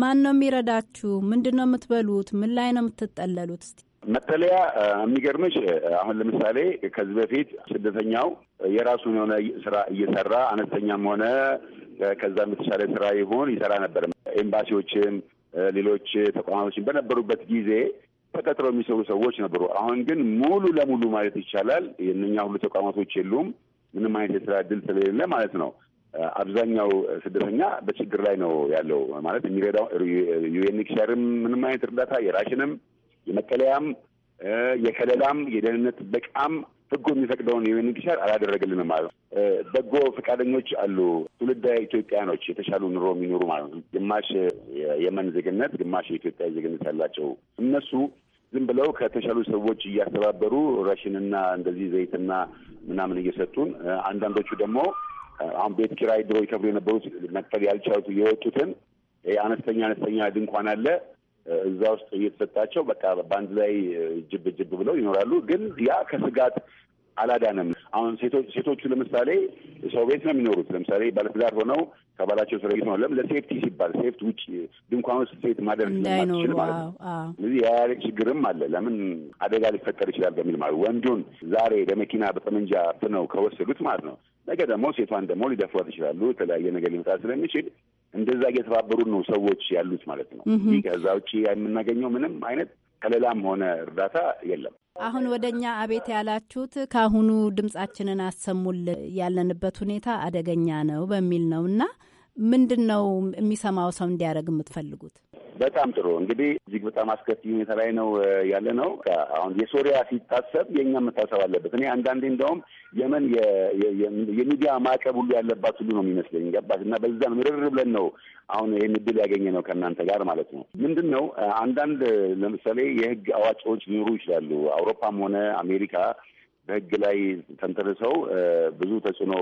ማን ነው የሚረዳችሁ? ምንድን ነው የምትበሉት? ምን ላይ ነው የምትጠለሉት? እስቲ መጠለያ የሚገርምሽ አሁን ለምሳሌ ከዚህ በፊት ስደተኛው የራሱን የሆነ ስራ እየሰራ አነስተኛም ሆነ ከዛም የተሻለ ስራ ይሁን ይሰራ ነበር። ኤምባሲዎችን፣ ሌሎች ተቋማቶችን በነበሩበት ጊዜ ተቀጥረው የሚሰሩ ሰዎች ነበሩ። አሁን ግን ሙሉ ለሙሉ ማለት ይቻላል የእነኛ ሁሉ ተቋማቶች የሉም። ምንም አይነት የስራ እድል ስለሌለ ማለት ነው። አብዛኛው ስደተኛ በችግር ላይ ነው ያለው ማለት የሚረዳው ዩኤንኤችሲአርም ምንም አይነት እርዳታ የራሽንም፣ የመቀለያም፣ የከለላም፣ የደህንነት ጥበቃም ህጉ የሚፈቅደውን የወይንን ኪሻር አላደረግልንም በጎ ፈቃደኞች አሉ፣ ትውልደ ኢትዮጵያኖች የተሻሉ ኑሮ የሚኖሩ ማለት ነው። ግማሽ የመን ዜግነት፣ ግማሽ የኢትዮጵያ ዜግነት ያላቸው እነሱ ዝም ብለው ከተሻሉ ሰዎች እያስተባበሩ ረሽንና እንደዚህ ዘይትና ምናምን እየሰጡን አንዳንዶቹ ደግሞ አሁን ቤት ኪራይ ድሮ ይከፍሉ የነበሩት መክፈል ያልቻሉት የወጡትን አነስተኛ አነስተኛ ድንኳን አለ እዛ ውስጥ እየተሰጣቸው በቃ በአንድ ላይ ጅብ ጅብ ብለው ይኖራሉ። ግን ያ ከስጋት አላዳነም። አሁን ሴቶቹ ለምሳሌ ሰው ቤት ነው የሚኖሩት። ለምሳሌ ባለትዳር ሆነው ከባላቸው ስረጊት ነው ለም ለሴፍቲ ሲባል ሴፍት ውጭ ድንኳን ውስጥ ሴት ማደር ማለት ነው። ስለዚህ የያሌ ችግርም አለ። ለምን አደጋ ሊፈጠር ይችላል በሚል ማለት ወንዱን ዛሬ በመኪና በጠመንጃ ፍነው ከወሰዱት ማለት ነው ነገ ደግሞ ሴቷን ደግሞ ሊደፍሯት ይችላሉ። የተለያየ ነገር ሊመጣ ስለሚችል እንደዛ እየተባበሩ ነው ሰዎች ያሉት ማለት ነው። ከዛ ውጭ የምናገኘው ምንም አይነት ከሌላም ሆነ እርዳታ የለም። አሁን ወደ እኛ አቤት ያላችሁት ከአሁኑ ድምጻችንን አሰሙል ያለንበት ሁኔታ አደገኛ ነው በሚል ነው እና ምንድን ነው የሚሰማው ሰው እንዲያደርግ የምትፈልጉት? በጣም ጥሩ እንግዲህ እዚህ በጣም አስከፊ ሁኔታ ላይ ነው ያለ ነው። አሁን የሶሪያ ሲታሰብ የእኛ መታሰብ አለበት። እኔ አንዳንዴ እንደውም የመን የሚዲያ ማዕቀብ ሁሉ ያለባት ሁሉ ነው የሚመስለኝ ገባት እና በዛም ምርር ብለን ነው አሁን ይህን እድል ያገኘ ነው ከእናንተ ጋር ማለት ነው። ምንድን ነው አንዳንድ ለምሳሌ የህግ አዋቂዎች ሊኖሩ ይችላሉ። አውሮፓም ሆነ አሜሪካ በህግ ላይ ተንተርሰው ብዙ ተጽዕኖ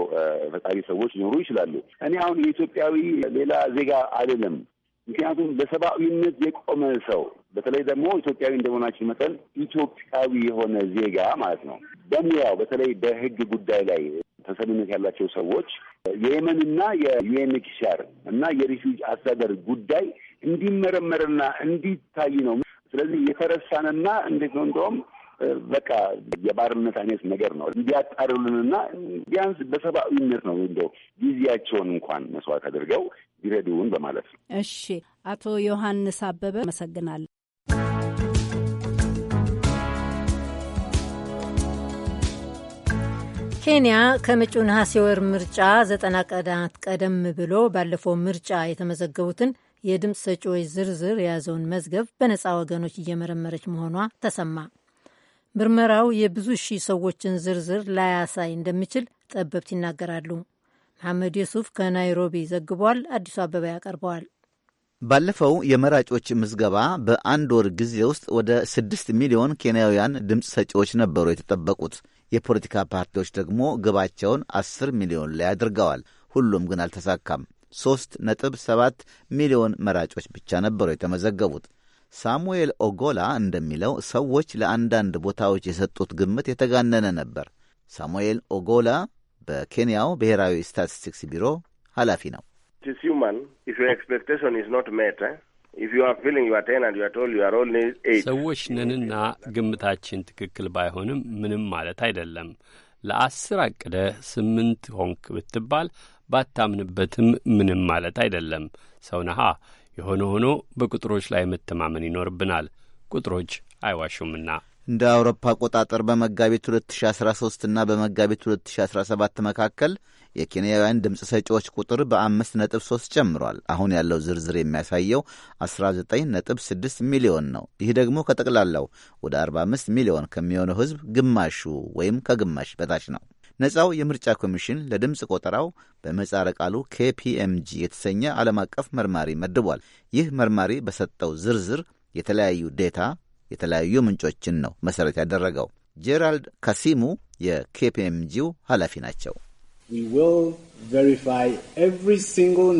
ፈጣሪ ሰዎች ሊኖሩ ይችላሉ። እኔ አሁን የኢትዮጵያዊ ሌላ ዜጋ አይደለም። ምክንያቱም ለሰብአዊነት የቆመ ሰው በተለይ ደግሞ ኢትዮጵያዊ እንደመሆናችን መጠን ኢትዮጵያዊ የሆነ ዜጋ ማለት ነው። በሙያው በተለይ በህግ ጉዳይ ላይ ተሰሚነት ያላቸው ሰዎች የየመንና የዩኤንኤችሲአር እና የሪፊውጅ አስተዳደር ጉዳይ እንዲመረመርና እንዲታይ ነው። ስለዚህ የተረሳንና እንዴት ነው እንደውም በቃ የባርነት አይነት ነገር ነው። እንዲያጣሩልንና ቢያንስ በሰብአዊነት ነው እንደ ጊዜያቸውን እንኳን መስዋዕት አድርገው ቢረዱውን በማለት ነው። እሺ፣ አቶ ዮሐንስ አበበ አመሰግናለሁ። ኬንያ ከመጪው ነሐሴ ወር ምርጫ ዘጠና ቀናት ቀደም ብሎ ባለፈው ምርጫ የተመዘገቡትን የድምፅ ሰጪዎች ዝርዝር የያዘውን መዝገብ በነፃ ወገኖች እየመረመረች መሆኗ ተሰማ። ምርመራው የብዙ ሺህ ሰዎችን ዝርዝር ላያሳይ እንደሚችል ጠበብት ይናገራሉ። መሐመድ ዩሱፍ ከናይሮቢ ዘግቧል። አዲሱ አበባ ያቀርበዋል። ባለፈው የመራጮች ምዝገባ በአንድ ወር ጊዜ ውስጥ ወደ ስድስት ሚሊዮን ኬንያውያን ድምፅ ሰጪዎች ነበሩ የተጠበቁት። የፖለቲካ ፓርቲዎች ደግሞ ግባቸውን አስር ሚሊዮን ላይ አድርገዋል። ሁሉም ግን አልተሳካም። ሶስት ነጥብ ሰባት ሚሊዮን መራጮች ብቻ ነበሩ የተመዘገቡት። ሳሙኤል ኦጎላ እንደሚለው ሰዎች ለአንዳንድ ቦታዎች የሰጡት ግምት የተጋነነ ነበር። ሳሙኤል ኦጎላ በኬንያው ብሔራዊ ስታቲስቲክስ ቢሮ ኃላፊ ነው። eh, ሰዎች ነንና ግምታችን ትክክል ባይሆንም ምንም ማለት አይደለም። ለአስር አቅደህ ስምንት ሆንክ ብትባል ባታምንበትም ምንም ማለት አይደለም። ሰው ነሃ የሆነ ሆኖ በቁጥሮች ላይ መተማመን ይኖርብናል። ቁጥሮች አይዋሹምና እንደ አውሮፓ አቆጣጠር በመጋቢት 2013ና በመጋቢት 2017 መካከል የኬንያውያን ድምፅ ሰጪዎች ቁጥር በ5.3 ጨምሯል። አሁን ያለው ዝርዝር የሚያሳየው 19.6 ሚሊዮን ነው። ይህ ደግሞ ከጠቅላላው ወደ 45 ሚሊዮን ከሚሆነው ሕዝብ ግማሹ ወይም ከግማሽ በታች ነው። ነጻው የምርጫ ኮሚሽን ለድምፅ ቆጠራው በመጻረ ቃሉ ኬፒኤምጂ የተሰኘ ዓለም አቀፍ መርማሪ መድቧል። ይህ መርማሪ በሰጠው ዝርዝር የተለያዩ ዴታ የተለያዩ ምንጮችን ነው መሠረት ያደረገው። ጄራልድ ካሲሙ የኬፒኤምጂው ኃላፊ ናቸው። ቨሪፋይ will verify ኔም single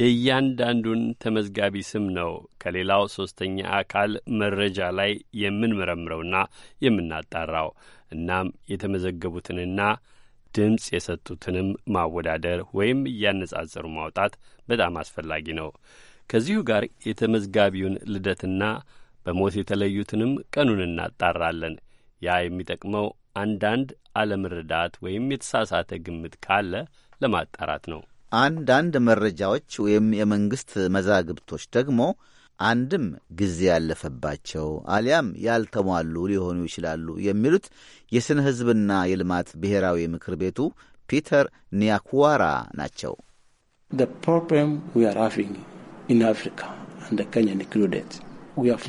የእያንዳንዱን ተመዝጋቢ ስም ነው ከሌላው ሶስተኛ አካል መረጃ ላይ የምንመረምረውና የምናጣራው። እናም የተመዘገቡትንና ድምፅ የሰጡትንም ማወዳደር ወይም እያነጻጸሩ ማውጣት በጣም አስፈላጊ ነው። ከዚሁ ጋር የተመዝጋቢውን ልደትና በሞት የተለዩትንም ቀኑን እናጣራለን። ያ የሚጠቅመው አንዳንድ አለመረዳት ወይም የተሳሳተ ግምት ካለ ለማጣራት ነው። አንዳንድ መረጃዎች ወይም የመንግሥት መዛግብቶች ደግሞ አንድም ጊዜ ያለፈባቸው አሊያም ያልተሟሉ ሊሆኑ ይችላሉ የሚሉት የሥነ ሕዝብና የልማት ብሔራዊ ምክር ቤቱ ፒተር ኒያኩዋራ ናቸው።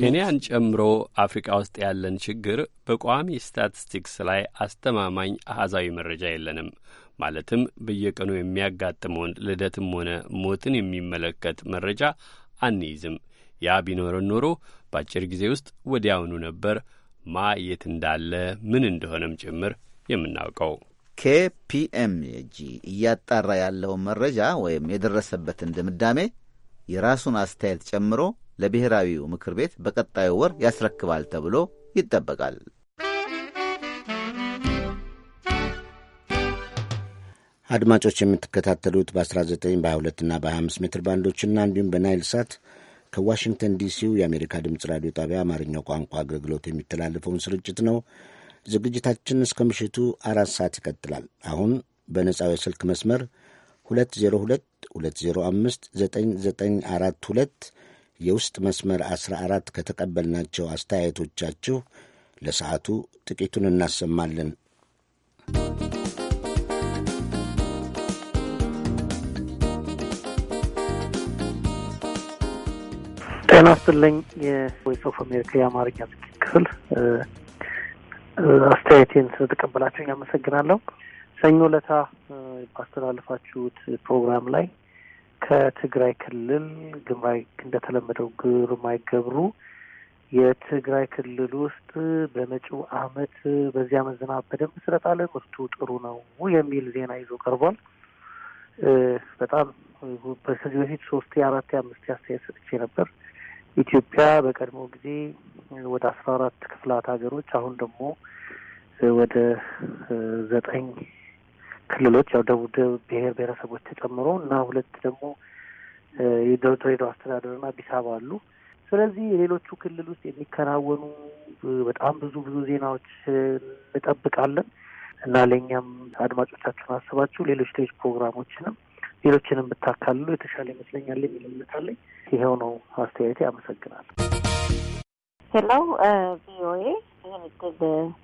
ኬንያን ጨምሮ አፍሪቃ ውስጥ ያለን ችግር በቋሚ ስታቲስቲክስ ላይ አስተማማኝ አሃዛዊ መረጃ የለንም። ማለትም በየቀኑ የሚያጋጥመውን ልደትም ሆነ ሞትን የሚመለከት መረጃ አንይዝም። ያ ቢኖረን ኖሮ በአጭር ጊዜ ውስጥ ወዲያውኑ ነበር ማ የት እንዳለ ምን እንደሆነም ጭምር የምናውቀው። የጂ እያጣራ ያለውን መረጃ ወይም የደረሰበትን ድምዳሜ የራሱን አስተያየት ጨምሮ ለብሔራዊው ምክር ቤት በቀጣዩ ወር ያስረክባል ተብሎ ይጠበቃል። አድማጮች የምትከታተሉት በ19 በ22ና በ25 ሜትር ባንዶችና እንዲሁም በናይል ሳት ከዋሽንግተን ዲሲው የአሜሪካ ድምፅ ራዲዮ ጣቢያ አማርኛው ቋንቋ አገልግሎት የሚተላለፈውን ስርጭት ነው። ዝግጅታችን እስከ ምሽቱ አራት ሰዓት ይቀጥላል። አሁን በነጻው የስልክ መስመር 2022059942 የውስጥ መስመር 14 ከተቀበልናቸው አስተያየቶቻችሁ ለሰዓቱ ጥቂቱን እናሰማለን። ጤና ስትልኝ የቮይስ ኦፍ አሜሪካ የአማርኛ ዝግጅት ክፍል አስተያየቴን ስለተቀበላችሁ አመሰግናለሁ። ሰኞ ለታ ባስተላለፋችሁት ፕሮግራም ላይ ከትግራይ ክልል ግማይ እንደተለመደው ግርማይ ገብሩ የትግራይ ክልል ውስጥ በመጪው ዓመት በዚህ ዓመት ዝናብ በደንብ ስለጣለ ምርቱ ጥሩ ነው የሚል ዜና ይዞ ቀርቧል። በጣም ከዚህ በፊት ሶስት የአራት የአምስት አስተያየት ሰጥቼ ነበር። ኢትዮጵያ በቀድሞ ጊዜ ወደ አስራ አራት ክፍላት ሀገሮች አሁን ደግሞ ወደ ዘጠኝ ክልሎች ያው ደቡብ ብሔር ብሔረሰቦች ተጨምሮ እና ሁለት ደግሞ የድሬዳዋ አስተዳደርና አዲስ አበባ አሉ። ስለዚህ የሌሎቹ ክልል ውስጥ የሚከናወኑ በጣም ብዙ ብዙ ዜናዎች እንጠብቃለን እና ለእኛም አድማጮቻችሁን አስባችሁ ሌሎች ሌሎች ፕሮግራሞችንም ሌሎችንም ብታካልሉ የተሻለ ይመስለኛል የሚል እምነት አለኝ። ይኸው ነው አስተያየቴ። አመሰግናለሁ። ሄሎ ቪኦኤ፣ ይህን እድል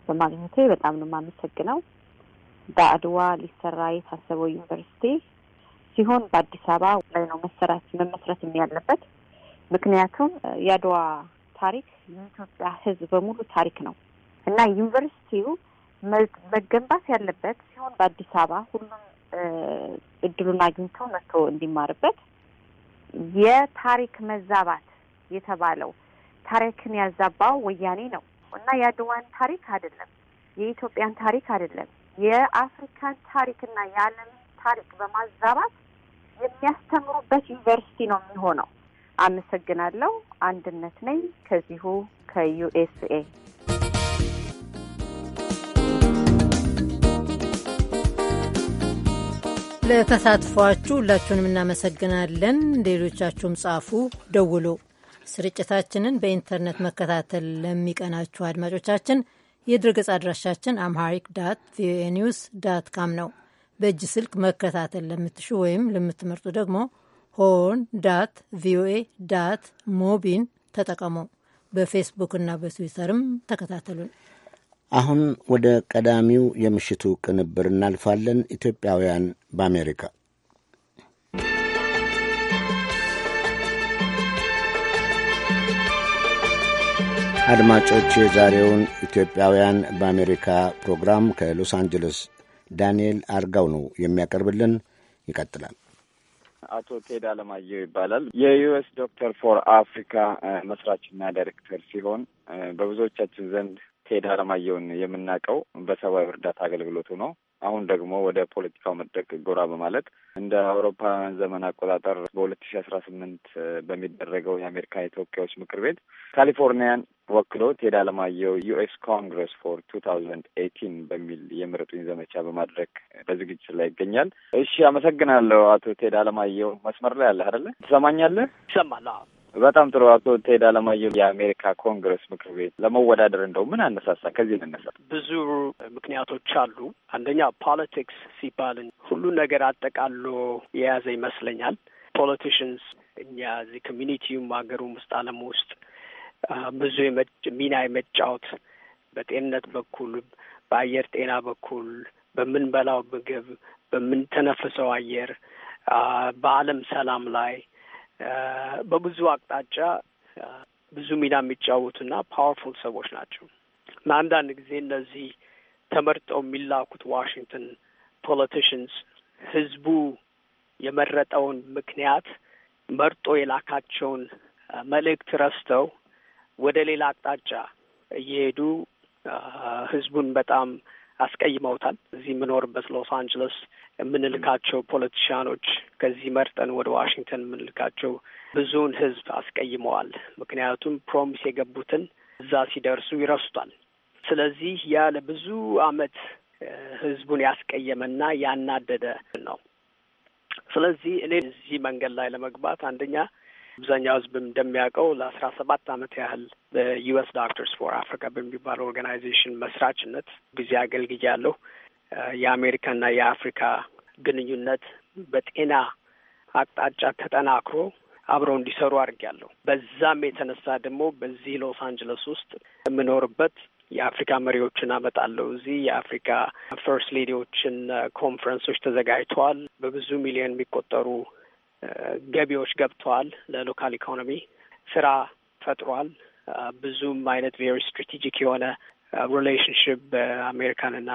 በማግኘቴ በጣም ነው የማመሰግነው። በአድዋ ሊሰራ የታሰበው ዩኒቨርሲቲ ሲሆን በአዲስ አበባ ላይ ነው መሰራት መመስረትም ያለበት። ምክንያቱም የአድዋ ታሪክ የኢትዮጵያ ሕዝብ በሙሉ ታሪክ ነው እና ዩኒቨርሲቲው መገንባት ያለበት ሲሆን በአዲስ አበባ ሁሉም እድሉን አግኝቶ መጥቶ እንዲማርበት የታሪክ መዛባት የተባለው ታሪክን ያዛባው ወያኔ ነው እና የአድዋን ታሪክ አይደለም፣ የኢትዮጵያን ታሪክ አይደለም፣ የአፍሪካን ታሪክና የዓለምን ታሪክ በማዛባት የሚያስተምሩበት ዩኒቨርሲቲ ነው የሚሆነው። አመሰግናለሁ። አንድነት ነኝ ከዚሁ ከዩኤስኤ ለተሳትፏችሁ ሁላችሁንም እናመሰግናለን። ሌሎቻችሁም ጻፉ፣ ደውሉ። ስርጭታችንን በኢንተርኔት መከታተል ለሚቀናችሁ አድማጮቻችን የድረገጽ አድራሻችን አምሃሪክ ዳት ቪኦኤ ኒውስ ዳት ካም ነው። በእጅ ስልክ መከታተል ለምትሹ ወይም ለምትመርጡ ደግሞ ሆን ዳት ቪኦኤ ዳት ሞቢን ተጠቀሙ። በፌስቡክ እና በትዊተርም ተከታተሉን። አሁን ወደ ቀዳሚው የምሽቱ ቅንብር እናልፋለን። ኢትዮጵያውያን በአሜሪካ አድማጮች፣ የዛሬውን ኢትዮጵያውያን በአሜሪካ ፕሮግራም ከሎስ አንጀለስ ዳንኤል አርጋው ነው የሚያቀርብልን። ይቀጥላል። አቶ ቴድ አለማየሁ ይባላል። የዩኤስ ዶክተር ፎር አፍሪካ መስራችና ዳይሬክተር ሲሆን በብዙዎቻችን ዘንድ ቴድ አለማየሁን የምናውቀው በሰብአዊ እርዳታ አገልግሎቱ ነው። አሁን ደግሞ ወደ ፖለቲካው መድረክ ጎራ በማለት እንደ አውሮፓውያን ዘመን አቆጣጠር በሁለት ሺ አስራ ስምንት በሚደረገው የአሜሪካ የተወካዮች ምክር ቤት ካሊፎርኒያን ወክሎ ቴድ አለማየሁ ዩኤስ ኮንግረስ ፎር ቱ ታውዘንድ ኤይቲን በሚል የምረጡኝ ዘመቻ በማድረግ በዝግጅት ላይ ይገኛል። እሺ፣ አመሰግናለሁ አቶ ቴድ አለማየሁ። መስመር ላይ አለ አይደለ? ትሰማኛለህ? ይሰማል። በጣም ጥሩ። አቶ ቴድ አለማየሁ የአሜሪካ ኮንግረስ ምክር ቤት ለመወዳደር እንደው ምን አነሳሳ? ከዚህ ልነሳ። ብዙ ምክንያቶች አሉ። አንደኛ ፖለቲክስ ሲባል ሁሉ ነገር አጠቃሎ የያዘ ይመስለኛል። ፖለቲሽንስ እኛ እዚህ ኮሚኒቲውም ሀገሩም ውስጥ አለም ውስጥ ብዙ ሚና የመጫወት በጤንነት በኩል በአየር ጤና በኩል በምንበላው ምግብ፣ በምንተነፍሰው አየር፣ በአለም ሰላም ላይ በብዙ አቅጣጫ ብዙ ሚና የሚጫወቱና ፓወርፉል ሰዎች ናቸው እና አንዳንድ ጊዜ እነዚህ ተመርጠው የሚላኩት ዋሽንግተን ፖለቲሽንስ ህዝቡ የመረጠውን ምክንያት መርጦ የላካቸውን መልእክት ረስተው ወደ ሌላ አቅጣጫ እየሄዱ ህዝቡን በጣም አስቀይመውታል። እዚህ የምኖርበት ሎስ አንጀለስ የምንልካቸው ፖለቲሽያኖች ከዚህ መርጠን ወደ ዋሽንግተን የምንልካቸው ብዙውን ህዝብ አስቀይመዋል። ምክንያቱም ፕሮሚስ የገቡትን እዛ ሲደርሱ ይረሱታል። ስለዚህ ያ ለብዙ አመት ህዝቡን ያስቀየመና ያናደደ ነው። ስለዚህ እኔ እዚህ መንገድ ላይ ለመግባት አንደኛ አብዛኛው ህዝብ እንደሚያውቀው ለአስራ ሰባት አመት ያህል በዩኤስ ዶክተርስ ፎር አፍሪካ በሚባል ኦርጋናይዜሽን መስራችነት ጊዜ አገልግያለሁ። የአሜሪካና የአፍሪካ ግንኙነት በጤና አቅጣጫ ተጠናክሮ አብረው እንዲሰሩ አድርጌያለሁ። በዛም የተነሳ ደግሞ በዚህ ሎስ አንጀለስ ውስጥ የምኖርበት የአፍሪካ መሪዎችን አመጣለሁ። እዚህ የአፍሪካ ፈርስት ሌዲዎችን ኮንፈረንሶች ተዘጋጅተዋል። በብዙ ሚሊዮን የሚቆጠሩ ገቢዎች ገብተዋል። ለሎካል ኢኮኖሚ ስራ ፈጥሯል። ብዙም አይነት ቬሪ ስትራቴጂክ የሆነ ሪሌሽንሽፕ በአሜሪካንና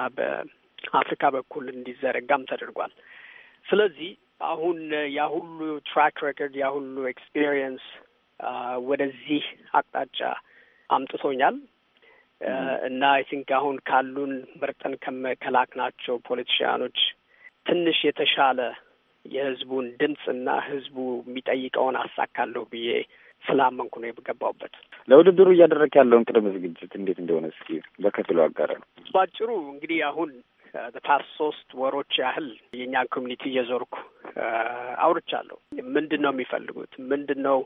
አፍሪካ በኩል እንዲዘረጋም ተደርጓል። ስለዚህ አሁን ያሁሉ ትራክ ሬኮርድ ያሁሉ ኤክስፒሪየንስ ወደዚህ አቅጣጫ አምጥቶኛል እና አይ ቲንክ አሁን ካሉን መርጠን ከላክናቸው ፖለቲሽያኖች ትንሽ የተሻለ የህዝቡን ድምፅና ህዝቡ የሚጠይቀውን አሳካለሁ ብዬ ስላመንኩ ነው የገባሁበት። ለውድድሩ እያደረግ ያለውን ቅድመ ዝግጅት እንዴት እንደሆነ እስኪ በከፊሉ አጋራ ነው። ባጭሩ እንግዲህ አሁን በፓስ ሶስት ወሮች ያህል የእኛን ኮሚኒቲ እየዞርኩ አውርቻለሁ። ምንድን ነው የሚፈልጉት? ምንድን ነው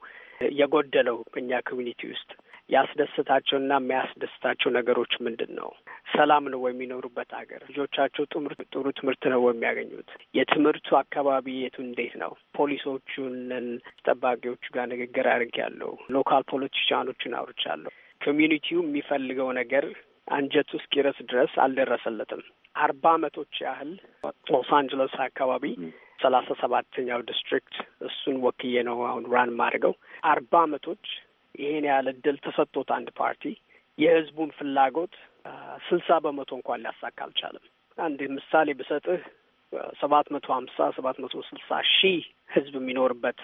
የጎደለው በእኛ ኮሚኒቲ ውስጥ ያስደስታቸውና የሚያስደስታቸው ነገሮች ምንድን ነው? ሰላም ነው የሚኖሩበት ሀገር? ልጆቻቸው ጥሩ ትምህርት ነው የሚያገኙት? የትምህርቱ አካባቢ የቱ እንዴት ነው? ፖሊሶቹን፣ ጠባቂዎቹ ጋር ንግግር አድርጌያለሁ። ሎካል ፖለቲሻኖቹን አውርቻለሁ። ኮሚኒቲው የሚፈልገው ነገር አንጀቱ እስኪረስ ድረስ አልደረሰለትም። አርባ አመቶች ያህል ሎስ አንጀለስ አካባቢ ሰላሳ ሰባተኛው ዲስትሪክት እሱን ወክዬ ነው አሁን ራን ማድርገው። አርባ አመቶች ይሄን ያህል እድል ተሰጥቶት አንድ ፓርቲ የህዝቡን ፍላጎት ስልሳ በመቶ እንኳን ሊያሳካ አልቻለም። አንድ ምሳሌ ብሰጥህ ሰባት መቶ ሀምሳ ሰባት መቶ ስልሳ ሺህ ህዝብ የሚኖርበት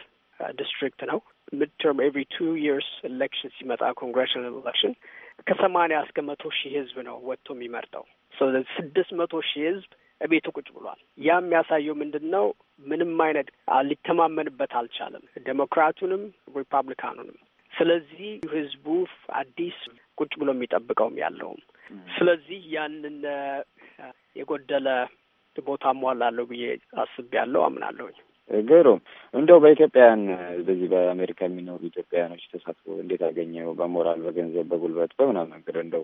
ዲስትሪክት ነው። ሚድተርም ኤቭሪ ቱ ይርስ ኤሌክሽን ሲመጣ ኮንግሬሽናል ኤሌክሽን ከሰማንያ እስከ መቶ ሺህ ህዝብ ነው ወጥቶ የሚመርጠው ስድስት መቶ ሺህ ህዝብ እቤቱ ቁጭ ብሏል። ያ የሚያሳየው ምንድን ነው? ምንም አይነት ሊተማመንበት አልቻለም፣ ዴሞክራቱንም ሪፐብሊካኑንም። ስለዚህ ህዝቡ አዲስ ቁጭ ብሎ የሚጠብቀውም ያለውም ስለዚህ ያንን የጎደለ ቦታ ሟላለሁ ብዬ አስቤያለሁ፣ አምናለሁኝ። ግሩም እንደው በኢትዮጵያውያን በዚህ በአሜሪካ የሚኖሩ ኢትዮጵያውያኖች ተሳትፎ እንዴት አገኘው? በሞራል በገንዘብ በጉልበት በምናም ነገር እንደው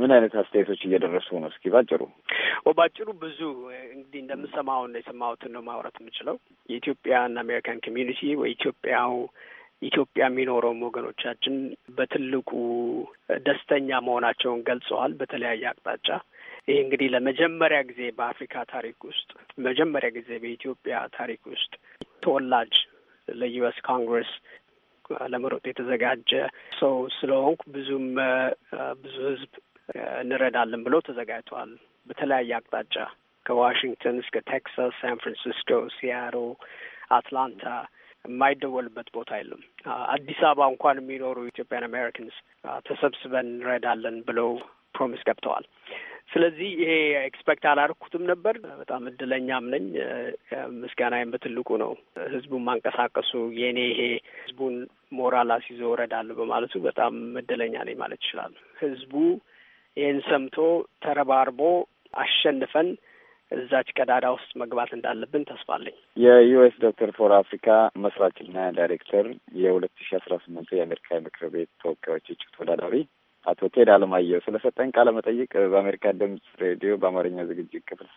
ምን አይነት አስተያየቶች እየደረሱ ነው? እስኪ ባጭሩ ባጭሩ ብዙ እንግዲህ እንደምሰማው ነው የሰማሁትን ነው ማውራት የምችለው የኢትዮጵያን አሜሪካን ኮሚዩኒቲ ወኢትዮጵያው ኢትዮጵያ የሚኖረውም ወገኖቻችን በትልቁ ደስተኛ መሆናቸውን ገልጸዋል። በተለያየ አቅጣጫ ይህ እንግዲህ ለመጀመሪያ ጊዜ በአፍሪካ ታሪክ ውስጥ መጀመሪያ ጊዜ በኢትዮጵያ ታሪክ ውስጥ ተወላጅ ለዩኤስ ኮንግረስ ለመሮጥ የተዘጋጀ ሰው ስለሆንኩ ብዙም ብዙ ህዝብ እንረዳለን ብሎ ተዘጋጅቷል። በተለያየ አቅጣጫ ከዋሽንግተን እስከ ቴክሳስ፣ ሳን ፍራንሲስኮ፣ ሲያሮ፣ አትላንታ የማይደወልበት ቦታ የለም። አዲስ አበባ እንኳን የሚኖሩ ኢትዮጵያን አሜሪካንስ ተሰብስበን እንረዳለን ብለው ፕሮሚስ ገብተዋል። ስለዚህ ይሄ ኤክስፐክት አላርኩትም ነበር። በጣም እድለኛም ነኝ። ምስጋናዬም በትልቁ ነው። ህዝቡን ማንቀሳቀሱ የኔ ይሄ ህዝቡን ሞራል አስይዞ እረዳለሁ በማለቱ በጣም እድለኛ ነኝ ማለት ይችላል። ህዝቡ ይህን ሰምቶ ተረባርቦ አሸንፈን እዛች ቀዳዳ ውስጥ መግባት እንዳለብን ተስፋ አለኝ። የዩኤስ ዶክተር ፎር አፍሪካ መስራችና ዳይሬክተር የሁለት ሺ አስራ ስምንት የአሜሪካ ምክር ቤት ተወካዮች እጩ ተወዳዳሪ አቶ ቴድ አለማየሁ ስለሰጠኝ ቃለ መጠይቅ በአሜሪካ ድምፅ ሬዲዮ በአማርኛ ዝግጅት ክፍል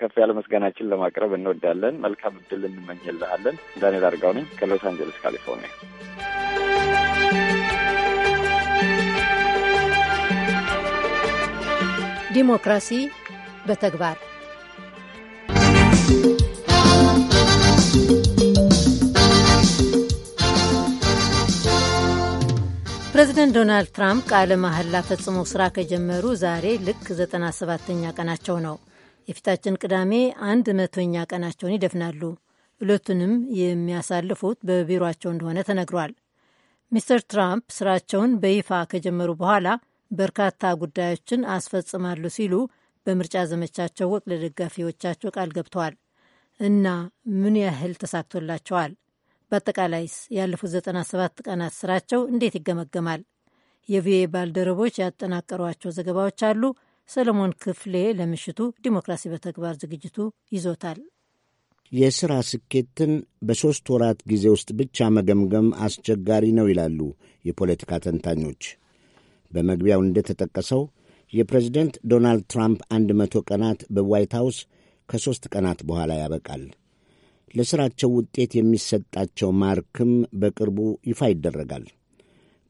ከፍ ያለ ምስጋናችን ለማቅረብ እንወዳለን። መልካም እድል እንመኝልሃለን። ዳንኤል አርጋው ነኝ ከሎስ አንጀለስ ካሊፎርኒያ። ዲሞክራሲ በተግባር ፕሬዝደንት ዶናልድ ትራምፕ ቃለ መሐላ ፈጽመው ስራ ከጀመሩ ዛሬ ልክ 97ኛ ቀናቸው ነው። የፊታችን ቅዳሜ አንድ መቶኛ ቀናቸውን ይደፍናሉ። ሁለቱንም የሚያሳልፉት በቢሮአቸው እንደሆነ ተነግሯል። ሚስተር ትራምፕ ስራቸውን በይፋ ከጀመሩ በኋላ በርካታ ጉዳዮችን አስፈጽማሉ ሲሉ በምርጫ ዘመቻቸው ወቅት ለደጋፊዎቻቸው ቃል ገብተዋል እና ምን ያህል ተሳክቶላቸዋል? በአጠቃላይስ ያለፉት 97 ቀናት ስራቸው እንዴት ይገመገማል? የቪኦኤ ባልደረቦች ያጠናቀሯቸው ዘገባዎች አሉ። ሰለሞን ክፍሌ ለምሽቱ ዲሞክራሲ በተግባር ዝግጅቱ ይዞታል። የሥራ ስኬትን በሦስት ወራት ጊዜ ውስጥ ብቻ መገምገም አስቸጋሪ ነው ይላሉ የፖለቲካ ተንታኞች። በመግቢያው እንደተጠቀሰው የፕሬዝደንት ዶናልድ ትራምፕ አንድ መቶ ቀናት በዋይት ሃውስ ከሦስት ቀናት በኋላ ያበቃል። ለሥራቸው ውጤት የሚሰጣቸው ማርክም በቅርቡ ይፋ ይደረጋል።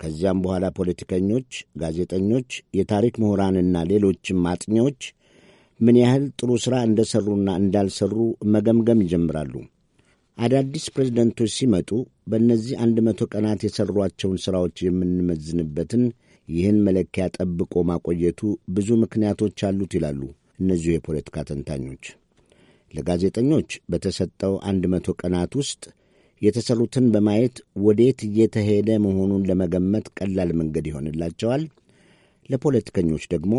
ከዚያም በኋላ ፖለቲከኞች፣ ጋዜጠኞች፣ የታሪክ ምሁራንና ሌሎችም አጥኚዎች ምን ያህል ጥሩ ሥራ ሠሩና እንዳልሠሩ መገምገም ይጀምራሉ። አዳዲስ ፕሬዝደንቶች ሲመጡ በእነዚህ አንድ መቶ ቀናት የሠሯቸውን ሥራዎች የምንመዝንበትን ይህን መለኪያ ጠብቆ ማቆየቱ ብዙ ምክንያቶች አሉት ይላሉ እነዚሁ የፖለቲካ ተንታኞች። ለጋዜጠኞች በተሰጠው አንድ መቶ ቀናት ውስጥ የተሰሩትን በማየት ወዴት እየተሄደ መሆኑን ለመገመት ቀላል መንገድ ይሆንላቸዋል። ለፖለቲከኞች ደግሞ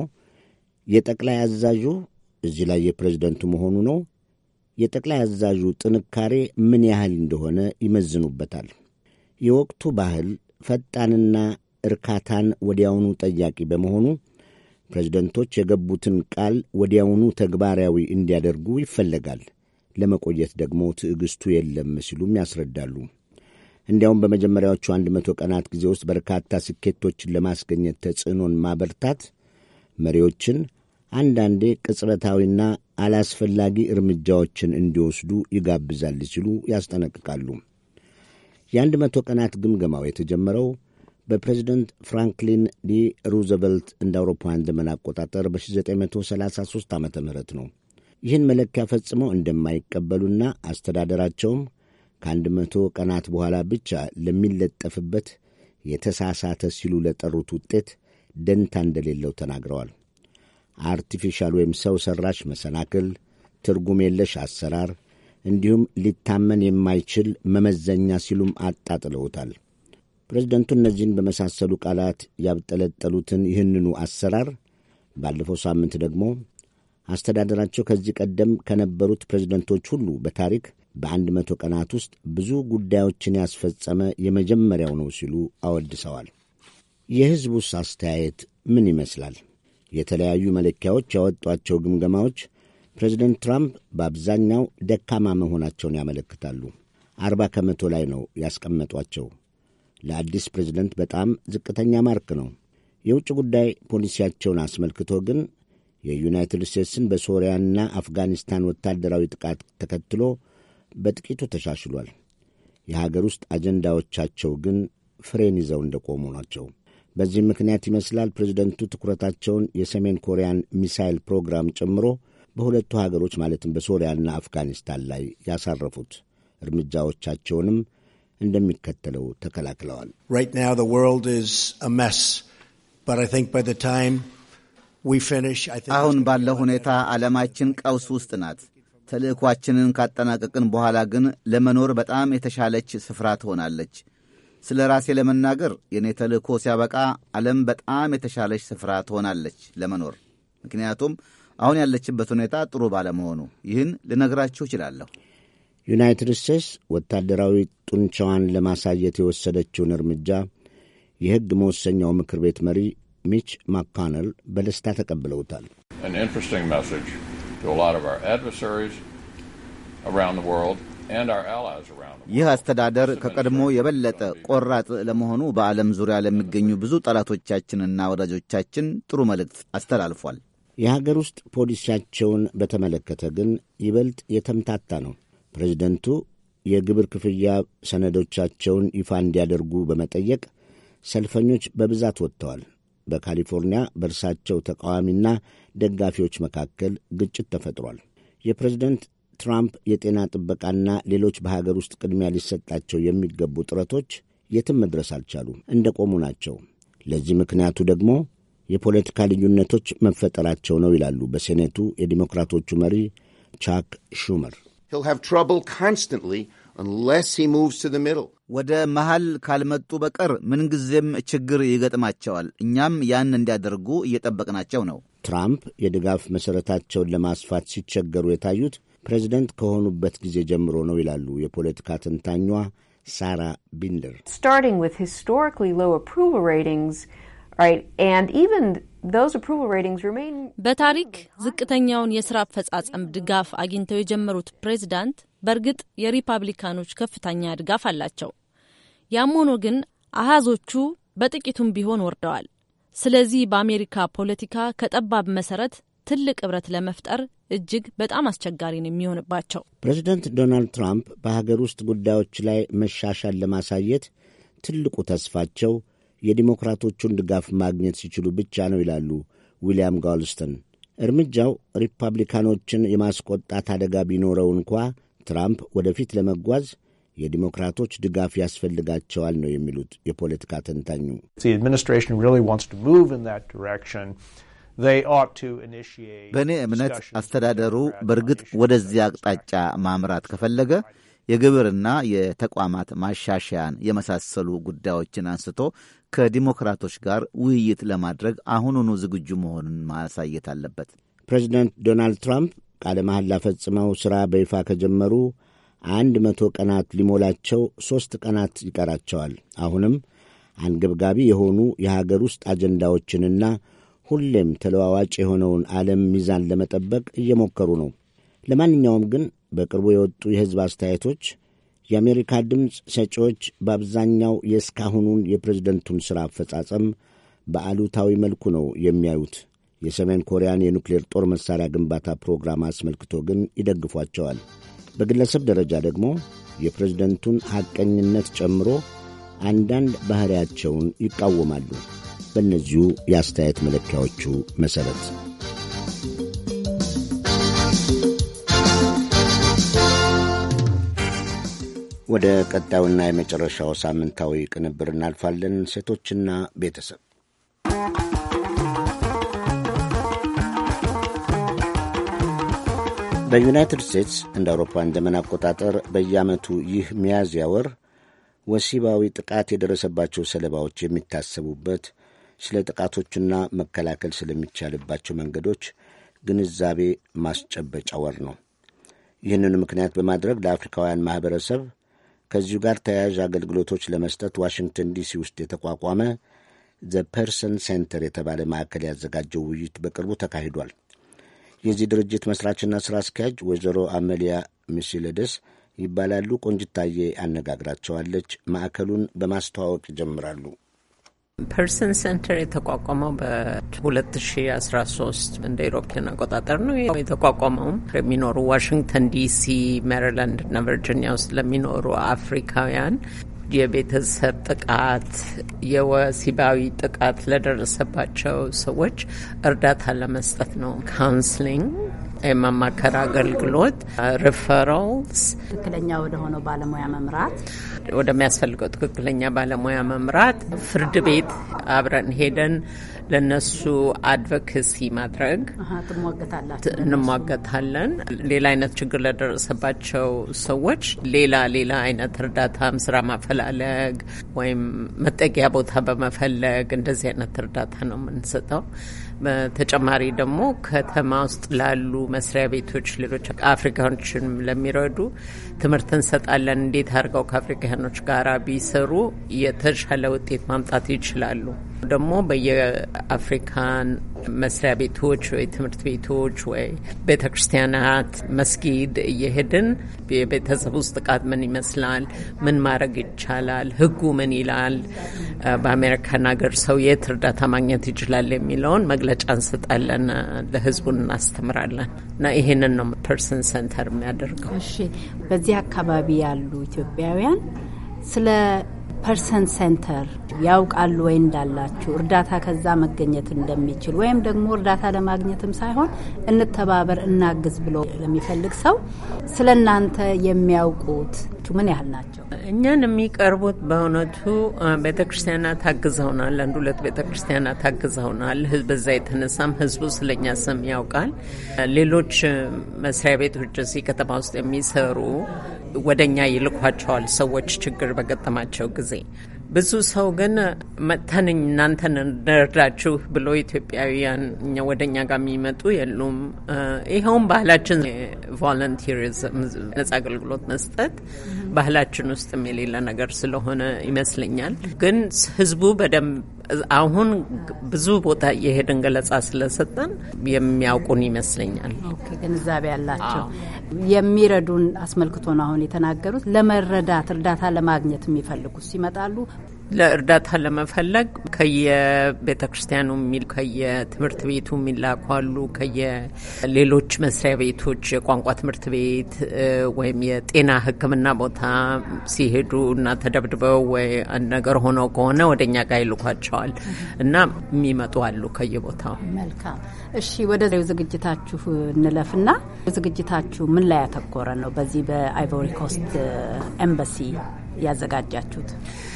የጠቅላይ አዛዡ እዚህ ላይ የፕሬዝደንቱ መሆኑ ነው። የጠቅላይ አዛዡ ጥንካሬ ምን ያህል እንደሆነ ይመዝኑበታል። የወቅቱ ባህል ፈጣንና እርካታን ወዲያውኑ ጠያቂ በመሆኑ ፕሬዝደንቶች የገቡትን ቃል ወዲያውኑ ተግባራዊ እንዲያደርጉ ይፈለጋል። ለመቆየት ደግሞ ትዕግስቱ የለም ሲሉም ያስረዳሉ። እንዲያውም በመጀመሪያዎቹ አንድ መቶ ቀናት ጊዜ ውስጥ በርካታ ስኬቶችን ለማስገኘት ተጽዕኖን ማበርታት መሪዎችን አንዳንዴ ቅጽበታዊና አላስፈላጊ እርምጃዎችን እንዲወስዱ ይጋብዛል ሲሉ ያስጠነቅቃሉ። የአንድ መቶ ቀናት ግምገማው የተጀመረው በፕሬዚደንት ፍራንክሊን ዲ ሩዘቨልት እንደ አውሮፓውያን ዘመን አቆጣጠር በ1933 ዓ ም ነው ይህን መለኪያ ፈጽመው እንደማይቀበሉና አስተዳደራቸውም ከአንድ መቶ ቀናት በኋላ ብቻ ለሚለጠፍበት የተሳሳተ ሲሉ ለጠሩት ውጤት ደንታ እንደሌለው ተናግረዋል። አርቲፊሻል ወይም ሰው ሠራሽ መሰናክል፣ ትርጉም የለሽ አሰራር እንዲሁም ሊታመን የማይችል መመዘኛ ሲሉም አጣጥለውታል። ፕሬዚደንቱ እነዚህን በመሳሰሉ ቃላት ያብጠለጠሉትን ይህንኑ አሰራር ባለፈው ሳምንት ደግሞ አስተዳደራቸው ከዚህ ቀደም ከነበሩት ፕሬዝደንቶች ሁሉ በታሪክ በአንድ መቶ ቀናት ውስጥ ብዙ ጉዳዮችን ያስፈጸመ የመጀመሪያው ነው ሲሉ አወድሰዋል። የሕዝቡስ አስተያየት ምን ይመስላል? የተለያዩ መለኪያዎች ያወጧቸው ግምገማዎች ፕሬዝደንት ትራምፕ በአብዛኛው ደካማ መሆናቸውን ያመለክታሉ። አርባ ከመቶ ላይ ነው ያስቀመጧቸው። ለአዲስ ፕሬዝደንት በጣም ዝቅተኛ ማርክ ነው። የውጭ ጉዳይ ፖሊሲያቸውን አስመልክቶ ግን የዩናይትድ ስቴትስን በሶሪያና አፍጋኒስታን ወታደራዊ ጥቃት ተከትሎ በጥቂቱ ተሻሽሏል። የሀገር ውስጥ አጀንዳዎቻቸው ግን ፍሬን ይዘው እንደቆሙ ናቸው። በዚህም ምክንያት ይመስላል ፕሬዚደንቱ ትኩረታቸውን የሰሜን ኮሪያን ሚሳይል ፕሮግራም ጨምሮ በሁለቱ ሀገሮች ማለትም በሶሪያና አፍጋኒስታን ላይ ያሳረፉት እርምጃዎቻቸውንም እንደሚከተለው ተከላክለዋል። አሁን ባለው ሁኔታ ዓለማችን ቀውስ ውስጥ ናት። ተልእኳችንን ካጠናቀቅን በኋላ ግን ለመኖር በጣም የተሻለች ስፍራ ትሆናለች። ስለ ራሴ ለመናገር የእኔ ተልእኮ ሲያበቃ ዓለም በጣም የተሻለች ስፍራ ትሆናለች ለመኖር ምክንያቱም አሁን ያለችበት ሁኔታ ጥሩ ባለመሆኑ ይህን ልነግራችሁ እችላለሁ። ዩናይትድ ስቴትስ ወታደራዊ ጡንቻዋን ለማሳየት የወሰደችውን እርምጃ የሕግ መወሰኛው ምክር ቤት መሪ ሚች ማካነል በደስታ ተቀብለውታል። ይህ አስተዳደር ከቀድሞ የበለጠ ቆራጥ ለመሆኑ በዓለም ዙሪያ ለሚገኙ ብዙ ጠላቶቻችንና ወዳጆቻችን ጥሩ መልእክት አስተላልፏል። የሀገር ውስጥ ፖሊሲያቸውን በተመለከተ ግን ይበልጥ የተምታታ ነው። ፕሬዚደንቱ የግብር ክፍያ ሰነዶቻቸውን ይፋ እንዲያደርጉ በመጠየቅ ሰልፈኞች በብዛት ወጥተዋል። በካሊፎርኒያ በእርሳቸው ተቃዋሚና ደጋፊዎች መካከል ግጭት ተፈጥሯል። የፕሬዝደንት ትራምፕ የጤና ጥበቃና ሌሎች በሀገር ውስጥ ቅድሚያ ሊሰጣቸው የሚገቡ ጥረቶች የትም መድረስ አልቻሉም፣ እንደ ቆሙ ናቸው። ለዚህ ምክንያቱ ደግሞ የፖለቲካ ልዩነቶች መፈጠራቸው ነው ይላሉ በሴኔቱ የዲሞክራቶቹ መሪ ቻክ ሹመር። ወደ መሃል ካልመጡ በቀር ምንጊዜም ችግር ይገጥማቸዋል። እኛም ያን እንዲያደርጉ እየጠበቅናቸው ነው። ትራምፕ የድጋፍ መሠረታቸውን ለማስፋት ሲቸገሩ የታዩት ፕሬዚደንት ከሆኑበት ጊዜ ጀምሮ ነው ይላሉ የፖለቲካ ተንታኟ ሳራ ቢንደር። በታሪክ ዝቅተኛውን የስራ አፈጻጸም ድጋፍ አግኝተው የጀመሩት ፕሬዚዳንት በእርግጥ የሪፓብሊካኖች ከፍተኛ ድጋፍ አላቸው። ያም ሆኖ ግን አሃዞቹ በጥቂቱም ቢሆን ወርደዋል። ስለዚህ በአሜሪካ ፖለቲካ ከጠባብ መሰረት ትልቅ እብረት ለመፍጠር እጅግ በጣም አስቸጋሪ ነው የሚሆንባቸው። ፕሬዚደንት ዶናልድ ትራምፕ በሀገር ውስጥ ጉዳዮች ላይ መሻሻል ለማሳየት ትልቁ ተስፋቸው የዲሞክራቶቹን ድጋፍ ማግኘት ሲችሉ ብቻ ነው ይላሉ ዊልያም ጋልስተን። እርምጃው ሪፐብሊካኖችን የማስቆጣት አደጋ ቢኖረው እንኳ ትራምፕ ወደፊት ለመጓዝ የዲሞክራቶች ድጋፍ ያስፈልጋቸዋል ነው የሚሉት የፖለቲካ ተንታኙ። በእኔ እምነት አስተዳደሩ በእርግጥ ወደዚያ አቅጣጫ ማምራት ከፈለገ የግብርና የተቋማት ማሻሻያን የመሳሰሉ ጉዳዮችን አንስቶ ከዲሞክራቶች ጋር ውይይት ለማድረግ አሁኑኑ ዝግጁ መሆኑን ማሳየት አለበት። ፕሬዚደንት ዶናልድ ትራምፕ ቃለ መሐላ ፈጽመው ሥራ በይፋ ከጀመሩ አንድ መቶ ቀናት ሊሞላቸው ሦስት ቀናት ይቀራቸዋል። አሁንም አንገብጋቢ የሆኑ የሀገር ውስጥ አጀንዳዎችንና ሁሌም ተለዋዋጭ የሆነውን ዓለም ሚዛን ለመጠበቅ እየሞከሩ ነው። ለማንኛውም ግን በቅርቡ የወጡ የሕዝብ አስተያየቶች የአሜሪካ ድምፅ ሰጪዎች በአብዛኛው የእስካሁኑን የፕሬዝደንቱን ሥራ አፈጻጸም በአሉታዊ መልኩ ነው የሚያዩት። የሰሜን ኮሪያን የኑክሌር ጦር መሣሪያ ግንባታ ፕሮግራም አስመልክቶ ግን ይደግፏቸዋል። በግለሰብ ደረጃ ደግሞ የፕሬዝደንቱን ሐቀኝነት ጨምሮ አንዳንድ ባሕሪያቸውን ይቃወማሉ። በእነዚሁ የአስተያየት መለኪያዎቹ መሠረት ወደ ቀጣዩና የመጨረሻው ሳምንታዊ ቅንብር እናልፋለን። ሴቶችና ቤተሰብ በዩናይትድ ስቴትስ እንደ አውሮፓውያን ዘመን አቆጣጠር በየዓመቱ ይህ ሚያዝያ ወር ወሲባዊ ጥቃት የደረሰባቸው ሰለባዎች የሚታሰቡበት፣ ስለ ጥቃቶችና መከላከል ስለሚቻልባቸው መንገዶች ግንዛቤ ማስጨበጫ ወር ነው። ይህንን ምክንያት በማድረግ ለአፍሪካውያን ማኅበረሰብ ከዚሁ ጋር ተያያዥ አገልግሎቶች ለመስጠት ዋሽንግተን ዲሲ ውስጥ የተቋቋመ ዘ ፐርሰን ሴንተር የተባለ ማዕከል ያዘጋጀው ውይይት በቅርቡ ተካሂዷል። የዚህ ድርጅት መስራችና ስራ አስኪያጅ ወይዘሮ አመሊያ ሚሲለደስ ይባላሉ። ቆንጅታዬ አነጋግራቸዋለች። ማዕከሉን በማስተዋወቅ ይጀምራሉ። ፐርሰን ሰንተር የተቋቋመው በ2013 እንደ ኢሮፒያን አቆጣጠር ነው የተቋቋመውም የሚኖሩ ዋሽንግተን ዲሲ፣ ሜሪላንድ እና ቨርጂኒያ ውስጥ ለሚኖሩ አፍሪካውያን የቤተሰብ ጥቃት፣ የወሲባዊ ጥቃት ለደረሰባቸው ሰዎች እርዳታ ለመስጠት ነው ካውንስሊንግ የማማከር አገልግሎት፣ ሪፈራልስ፣ ትክክለኛ ወደሆነው ባለሙያ መምራት፣ ወደሚያስፈልገው ትክክለኛ ባለሙያ መምራት፣ ፍርድ ቤት አብረን ሄደን ለነሱ አድቮኬሲ ማድረግ እንሟገታለን። ሌላ አይነት ችግር ለደረሰባቸው ሰዎች ሌላ ሌላ አይነት እርዳታም ስራ ማፈላለግ ወይም መጠጊያ ቦታ በመፈለግ እንደዚህ አይነት እርዳታ ነው የምንሰጠው። በተጨማሪ ደግሞ ከተማ ውስጥ ላሉ መስሪያ ቤቶች፣ ሌሎች አፍሪካኖችን ለሚረዱ ትምህርት እንሰጣለን። እንዴት አድርገው ከአፍሪካውያኖች ጋር ቢሰሩ የተሻለ ውጤት ማምጣት ይችላሉ። ደግሞ በየአፍሪካን መስሪያ ቤቶች ወይ ትምህርት ቤቶች ወይ ቤተ ክርስቲያናት፣ መስጊድ እየሄድን የቤተሰብ ውስጥ ጥቃት ምን ይመስላል፣ ምን ማድረግ ይቻላል፣ ህጉ ምን ይላል፣ በአሜሪካን ሀገር ሰው የት እርዳታ ማግኘት ይችላል የሚለውን መግለጫ እንሰጣለን፣ ለህዝቡን እናስተምራለን እና ይህንን ነው ፐርሰን ሰንተር የሚያደርገው። እሺ፣ እዚህ አካባቢ ያሉ ኢትዮጵያውያን ስለ ፐርሰን ሴንተር ያውቃሉ ወይ እንዳላችሁ እርዳታ ከዛ መገኘት እንደሚችል ወይም ደግሞ እርዳታ ለማግኘትም ሳይሆን እንተባበር፣ እናግዝ ብሎ ለሚፈልግ ሰው ስለ እናንተ የሚያውቁት ያላችሁ? ምን ያህል ናቸው? እኛን የሚቀርቡት በእውነቱ ቤተ ክርስቲያናት አግዘውናል። አንድ ሁለት ቤተ ክርስቲያናት አግዘውናል። በዛ የተነሳም ህዝቡ ስለኛ ስም ያውቃል። ሌሎች መስሪያ ቤቶች እዚህ ከተማ ውስጥ የሚሰሩ ወደኛ ይልኳቸዋል ሰዎች ችግር በገጠማቸው ጊዜ ብዙ ሰው ግን መጥተን እናንተን እንረዳችሁ ብሎ ኢትዮጵያውያን ወደ እኛ ጋር የሚመጡ የሉም። ይኸውም ባህላችን ቮለንቲሪዝም፣ ነጻ አገልግሎት መስጠት ባህላችን ውስጥም የሌለ ነገር ስለሆነ ይመስለኛል። ግን ህዝቡ በደንብ አሁን ብዙ ቦታ እየሄድን ገለጻ ስለሰጠን የሚያውቁን ይመስለኛል። ግንዛቤ ያላቸው የሚረዱን አስመልክቶ ነው አሁን የተናገሩት። ለመረዳት እርዳታ ለማግኘት የሚፈልጉ ይመጣሉ። ለእርዳታ ለመፈለግ ከየቤተ ክርስቲያኑ የሚል ከየትምህርት ቤቱ የሚላኩ አሉ። ከየሌሎች መስሪያ ቤቶች የቋንቋ ትምህርት ቤት ወይም የጤና ሕክምና ቦታ ሲሄዱ እና ተደብድበው ወይ አንድ ነገር ሆነው ከሆነ ወደኛ ጋር ይልኳቸዋል እና የሚመጡ አሉ ከየቦታው። መልካም እሺ፣ ወደ ዝግጅታችሁ እንለፍና ዝግጅታችሁ ምን ላይ ያተኮረ ነው? በዚህ በአይቮሪ ኮስት ኤምባሲ ያዘጋጃችሁት?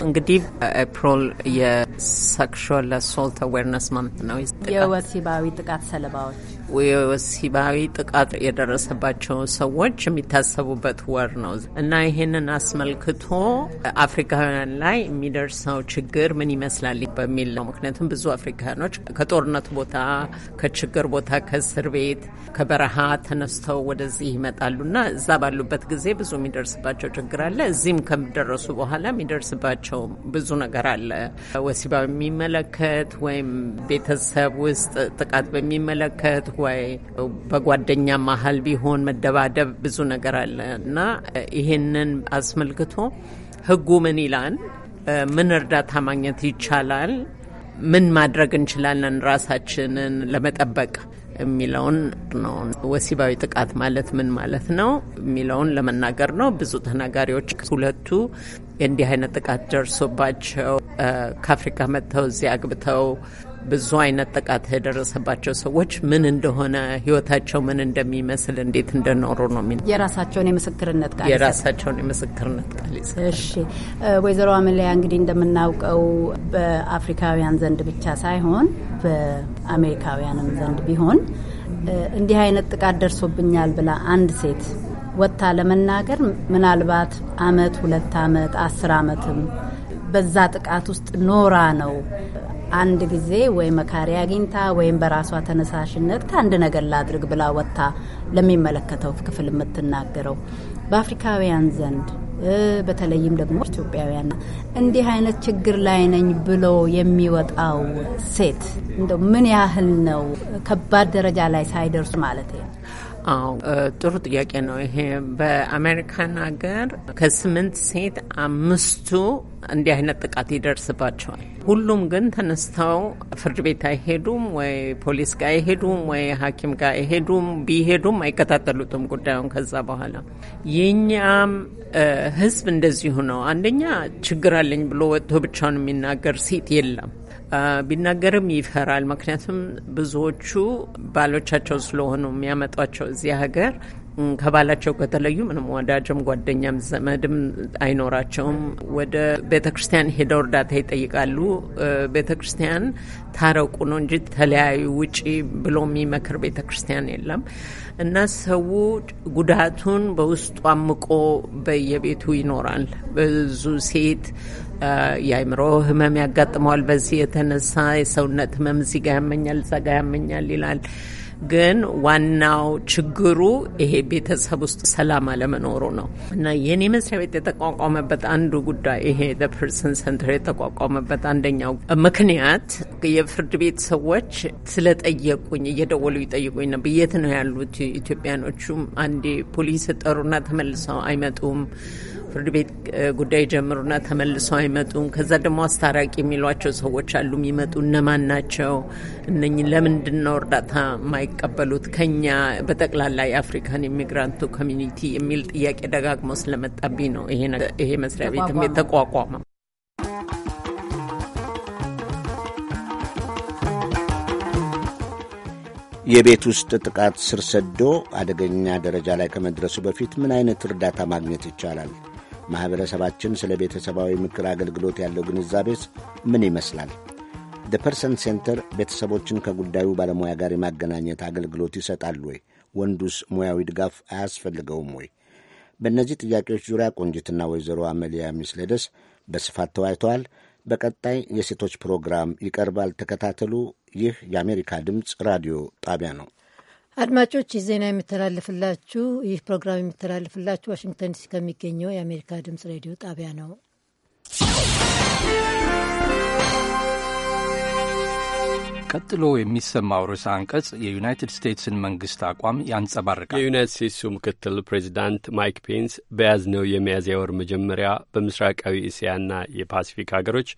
እንግዲህ ኤፕሪል uh, የሴክሹዋል አሶልት አዌርነስ ማንት ነው። የወሲባዊ ጥቃት ሰለባዎች የወሲባዊ ጥቃት የደረሰባቸው ሰዎች የሚታሰቡበት ወር ነው እና ይህንን አስመልክቶ አፍሪካውያን ላይ የሚደርሰው ችግር ምን ይመስላል በሚል ነው። ምክንያቱም ብዙ አፍሪካኖች ከጦርነት ቦታ፣ ከችግር ቦታ፣ ከእስር ቤት፣ ከበረሃ ተነስተው ወደዚህ ይመጣሉ እና እዛ ባሉበት ጊዜ ብዙ የሚደርስባቸው ችግር አለ። እዚህም ከደረሱ በኋላ የሚደርስባቸው ብዙ ነገር አለ። ወሲባ የሚመለከት ወይም ቤተሰብ ውስጥ ጥቃት በሚመለከት ወይ በጓደኛ መሀል ቢሆን መደባደብ ብዙ ነገር አለ እና ይሄንን አስመልክቶ ህጉ ምን ይላል? ምን እርዳታ ማግኘት ይቻላል? ምን ማድረግ እንችላለን ራሳችንን ለመጠበቅ የሚለውን ነው። ወሲባዊ ጥቃት ማለት ምን ማለት ነው የሚለውን ለመናገር ነው። ብዙ ተናጋሪዎች ሁለቱ እንዲህ አይነት ጥቃት ደርሶባቸው ከአፍሪካ መጥተው እዚህ አግብተው ብዙ አይነት ጥቃት የደረሰባቸው ሰዎች ምን እንደሆነ ህይወታቸው ምን እንደሚመስል እንዴት እንደኖሩ ነው የሚ የራሳቸውን የምስክርነት ቃል የራሳቸውን የምስክርነት ቃል እሺ ወይዘሮ አመሊያ እንግዲህ እንደምናውቀው በአፍሪካውያን ዘንድ ብቻ ሳይሆን በአሜሪካውያንም ዘንድ ቢሆን እንዲህ አይነት ጥቃት ደርሶብኛል ብላ አንድ ሴት ወጥታ ለመናገር ምናልባት አመት ሁለት አመት አስር አመትም በዛ ጥቃት ውስጥ ኖራ ነው አንድ ጊዜ ወይ መካሪ አግኝታ ወይም በራሷ ተነሳሽነት አንድ ነገር ላድርግ ብላ ወጥታ ለሚመለከተው ክፍል የምትናገረው በአፍሪካውያን ዘንድ በተለይም ደግሞ ኢትዮጵያውያን እንዲህ አይነት ችግር ላይ ነኝ ብሎ የሚወጣው ሴት እንደው ምን ያህል ነው ከባድ ደረጃ ላይ ሳይደርሱ ማለት ነው አዎ ጥሩ ጥያቄ ነው ይሄ። በአሜሪካን ሀገር ከስምንት ሴት አምስቱ እንዲህ አይነት ጥቃት ይደርስባቸዋል። ሁሉም ግን ተነስተው ፍርድ ቤት አይሄዱም ወይ ፖሊስ ጋር አይሄዱም ወይ ሐኪም ጋር አይሄዱም። ቢሄዱም አይከታተሉትም ጉዳዩን ከዛ በኋላ። የኛም ህዝብ እንደዚሁ ነው። አንደኛ ችግር አለኝ ብሎ ወጥቶ ብቻውን የሚናገር ሴት የለም። ቢናገርም ይፈራል። ምክንያቱም ብዙዎቹ ባሎቻቸው ስለሆኑ የሚያመጧቸው እዚህ ሀገር ከባላቸው ከተለዩ ምንም ወዳጅም ጓደኛም ዘመድም አይኖራቸውም። ወደ ቤተ ክርስቲያን ሄደው እርዳታ ይጠይቃሉ። ቤተ ክርስቲያን ታረቁ ነው እንጂ ተለያዩ ውጪ ብሎ የሚመክር ቤተ ክርስቲያን የለም እና ሰው ጉዳቱን በውስጡ አምቆ በየቤቱ ይኖራል። ብዙ ሴት የአእምሮ ህመም ያጋጥመዋል። በዚህ የተነሳ የሰውነት ህመም እዚህ ጋ ያመኛል፣ እዛ ጋ ያመኛል ይላል። ግን ዋናው ችግሩ ይሄ ቤተሰብ ውስጥ ሰላም አለመኖሩ ነው እና የኔ መስሪያ ቤት የተቋቋመበት አንዱ ጉዳይ ይሄ ፐርሰን ሰንተር የተቋቋመበት አንደኛው ምክንያት የፍርድ ቤት ሰዎች ስለጠየቁኝ እየደወሉ ይጠይቁኝ ነው። ብየት ነው ያሉት ኢትዮጵያኖቹም አንዴ ፖሊስ ጠሩና ተመልሰው አይመጡም ፍርድ ቤት ጉዳይ ጀምሩና ተመልሰው አይመጡም። ከዛ ደግሞ አስታራቂ የሚሏቸው ሰዎች አሉ የሚመጡ እነማን ናቸው? እነኝህ ለምንድን ነው እርዳታ የማይቀበሉት ከኛ በጠቅላላ የአፍሪካን ኢሚግራንቱ ኮሚኒቲ የሚል ጥያቄ ደጋግሞ ስለመጣብኝ ነው ይሄ መስሪያ ቤትም የተቋቋመው። የቤት ውስጥ ጥቃት ስር ሰዶ አደገኛ ደረጃ ላይ ከመድረሱ በፊት ምን አይነት እርዳታ ማግኘት ይቻላል? ማኅበረሰባችን ስለ ቤተሰባዊ ምክር አገልግሎት ያለው ግንዛቤስ ምን ይመስላል? ፐርሰን ሴንተር ቤተሰቦችን ከጉዳዩ ባለሙያ ጋር የማገናኘት አገልግሎት ይሰጣል ወይ? ወንዱስ ሙያዊ ድጋፍ አያስፈልገውም ወይ? በእነዚህ ጥያቄዎች ዙሪያ ቆንጅትና ወይዘሮ አመሊያ ሚስሌደስ በስፋት ተወያይተዋል። በቀጣይ የሴቶች ፕሮግራም ይቀርባል። ተከታተሉ። ይህ የአሜሪካ ድምፅ ራዲዮ ጣቢያ ነው። አድማጮች ይህ ዜና የሚተላልፍላችሁ ይህ ፕሮግራም የሚተላልፍላችሁ ዋሽንግተን ዲሲ ከሚገኘው የአሜሪካ ድምጽ ሬዲዮ ጣቢያ ነው። ቀጥሎ የሚሰማው ርዕሰ አንቀጽ የዩናይትድ ስቴትስን መንግስት አቋም ያንጸባርቃል። የዩናይትድ ስቴትሱ ምክትል ፕሬዚዳንት ማይክ ፔንስ በያዝነው የሚያዝያ ወር መጀመሪያ በምስራቃዊ እስያና የፓሲፊክ ሀገሮች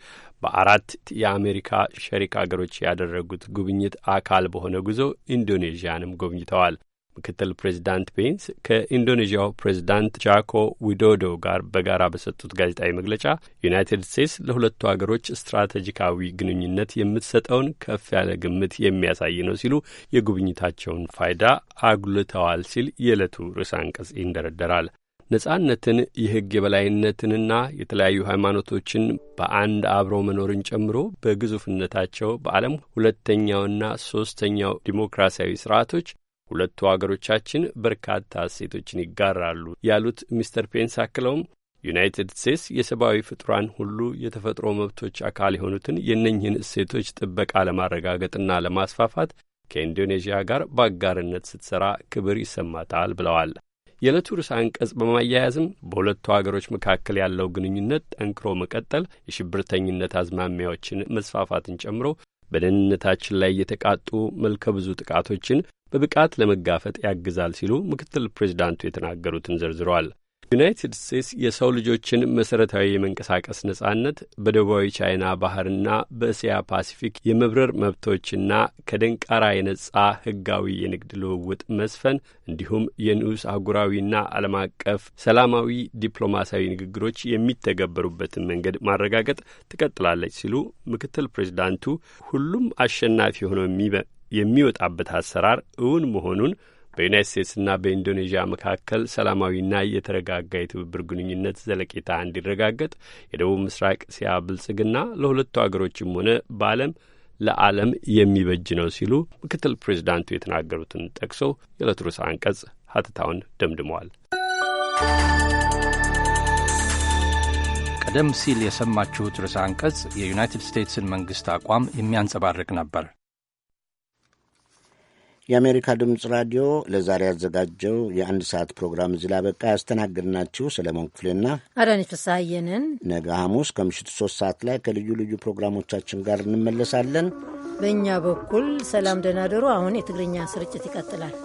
በአራት የአሜሪካ ሸሪክ ሀገሮች ያደረጉት ጉብኝት አካል በሆነ ጉዞ ኢንዶኔዥያንም ጎብኝተዋል። ምክትል ፕሬዚዳንት ፔንስ ከኢንዶኔዥያው ፕሬዚዳንት ጃኮ ዊዶዶ ጋር በጋራ በሰጡት ጋዜጣዊ መግለጫ ዩናይትድ ስቴትስ ለሁለቱ ሀገሮች ስትራቴጂካዊ ግንኙነት የምትሰጠውን ከፍ ያለ ግምት የሚያሳይ ነው ሲሉ የጉብኝታቸውን ፋይዳ አጉልተዋል ሲል የዕለቱ ርዕሰ አንቀጽ ይንደረደራል። ነጻነትን፣ የሕግ የበላይነትንና የተለያዩ ሃይማኖቶችን በአንድ አብሮ መኖርን ጨምሮ በግዙፍነታቸው በዓለም ሁለተኛውና ሦስተኛው ዲሞክራሲያዊ ስርዓቶች ሁለቱ አገሮቻችን በርካታ እሴቶችን ይጋራሉ ያሉት ሚስተር ፔንስ አክለውም ዩናይትድ ስቴትስ የሰብአዊ ፍጡራን ሁሉ የተፈጥሮ መብቶች አካል የሆኑትን የእነኝህን እሴቶች ጥበቃ ለማረጋገጥና ለማስፋፋት ከኢንዶኔዥያ ጋር በአጋርነት ስትሰራ ክብር ይሰማታል ብለዋል። የዕለቱ ርዕሰ አንቀጽ በማያያዝም በሁለቱ አገሮች መካከል ያለው ግንኙነት ጠንክሮ መቀጠል የሽብርተኝነት አዝማሚያዎችን መስፋፋትን ጨምሮ በደህንነታችን ላይ የተቃጡ መልከ ብዙ ጥቃቶችን በብቃት ለመጋፈጥ ያግዛል ሲሉ ምክትል ፕሬዚዳንቱ የተናገሩትን ዘርዝረዋል። ዩናይትድ ስቴትስ የሰው ልጆችን መሠረታዊ የመንቀሳቀስ ነጻነት በደቡባዊ ቻይና ባህርና በእስያ ፓሲፊክ የመብረር መብቶችና ከደንቃራ የነጻ ሕጋዊ የንግድ ልውውጥ መስፈን እንዲሁም የንዑስ አህጉራዊና ዓለም አቀፍ ሰላማዊ ዲፕሎማሲያዊ ንግግሮች የሚተገበሩበትን መንገድ ማረጋገጥ ትቀጥላለች ሲሉ ምክትል ፕሬዚዳንቱ ሁሉም አሸናፊ ሆኖ የሚወጣበት አሰራር እውን መሆኑን በዩናይት ስቴትስና በኢንዶኔዥያ መካከል ሰላማዊና የተረጋጋ የትብብር ግንኙነት ዘለቄታ እንዲረጋገጥ የደቡብ ምስራቅ እስያ ብልጽግና ለሁለቱ አገሮችም ሆነ በዓለም ለዓለም የሚበጅ ነው ሲሉ ምክትል ፕሬዚዳንቱ የተናገሩትን ጠቅሶ የዕለቱ ርዕሰ አንቀጽ ሀተታውን ደምድመዋል። ቀደም ሲል የሰማችሁት ርዕሰ አንቀጽ የዩናይትድ ስቴትስን መንግሥት አቋም የሚያንጸባርቅ ነበር። የአሜሪካ ድምፅ ራዲዮ ለዛሬ ያዘጋጀው የአንድ ሰዓት ፕሮግራም እዚህ ላበቃ። ያስተናግድናችሁ ሰለሞን ክፍሌና አዳነች ፍስሐየንን። ነገ ሐሙስ ከምሽቱ ሶስት ሰዓት ላይ ከልዩ ልዩ ፕሮግራሞቻችን ጋር እንመለሳለን። በእኛ በኩል ሰላም ደናደሩ። አሁን የትግርኛ ስርጭት ይቀጥላል።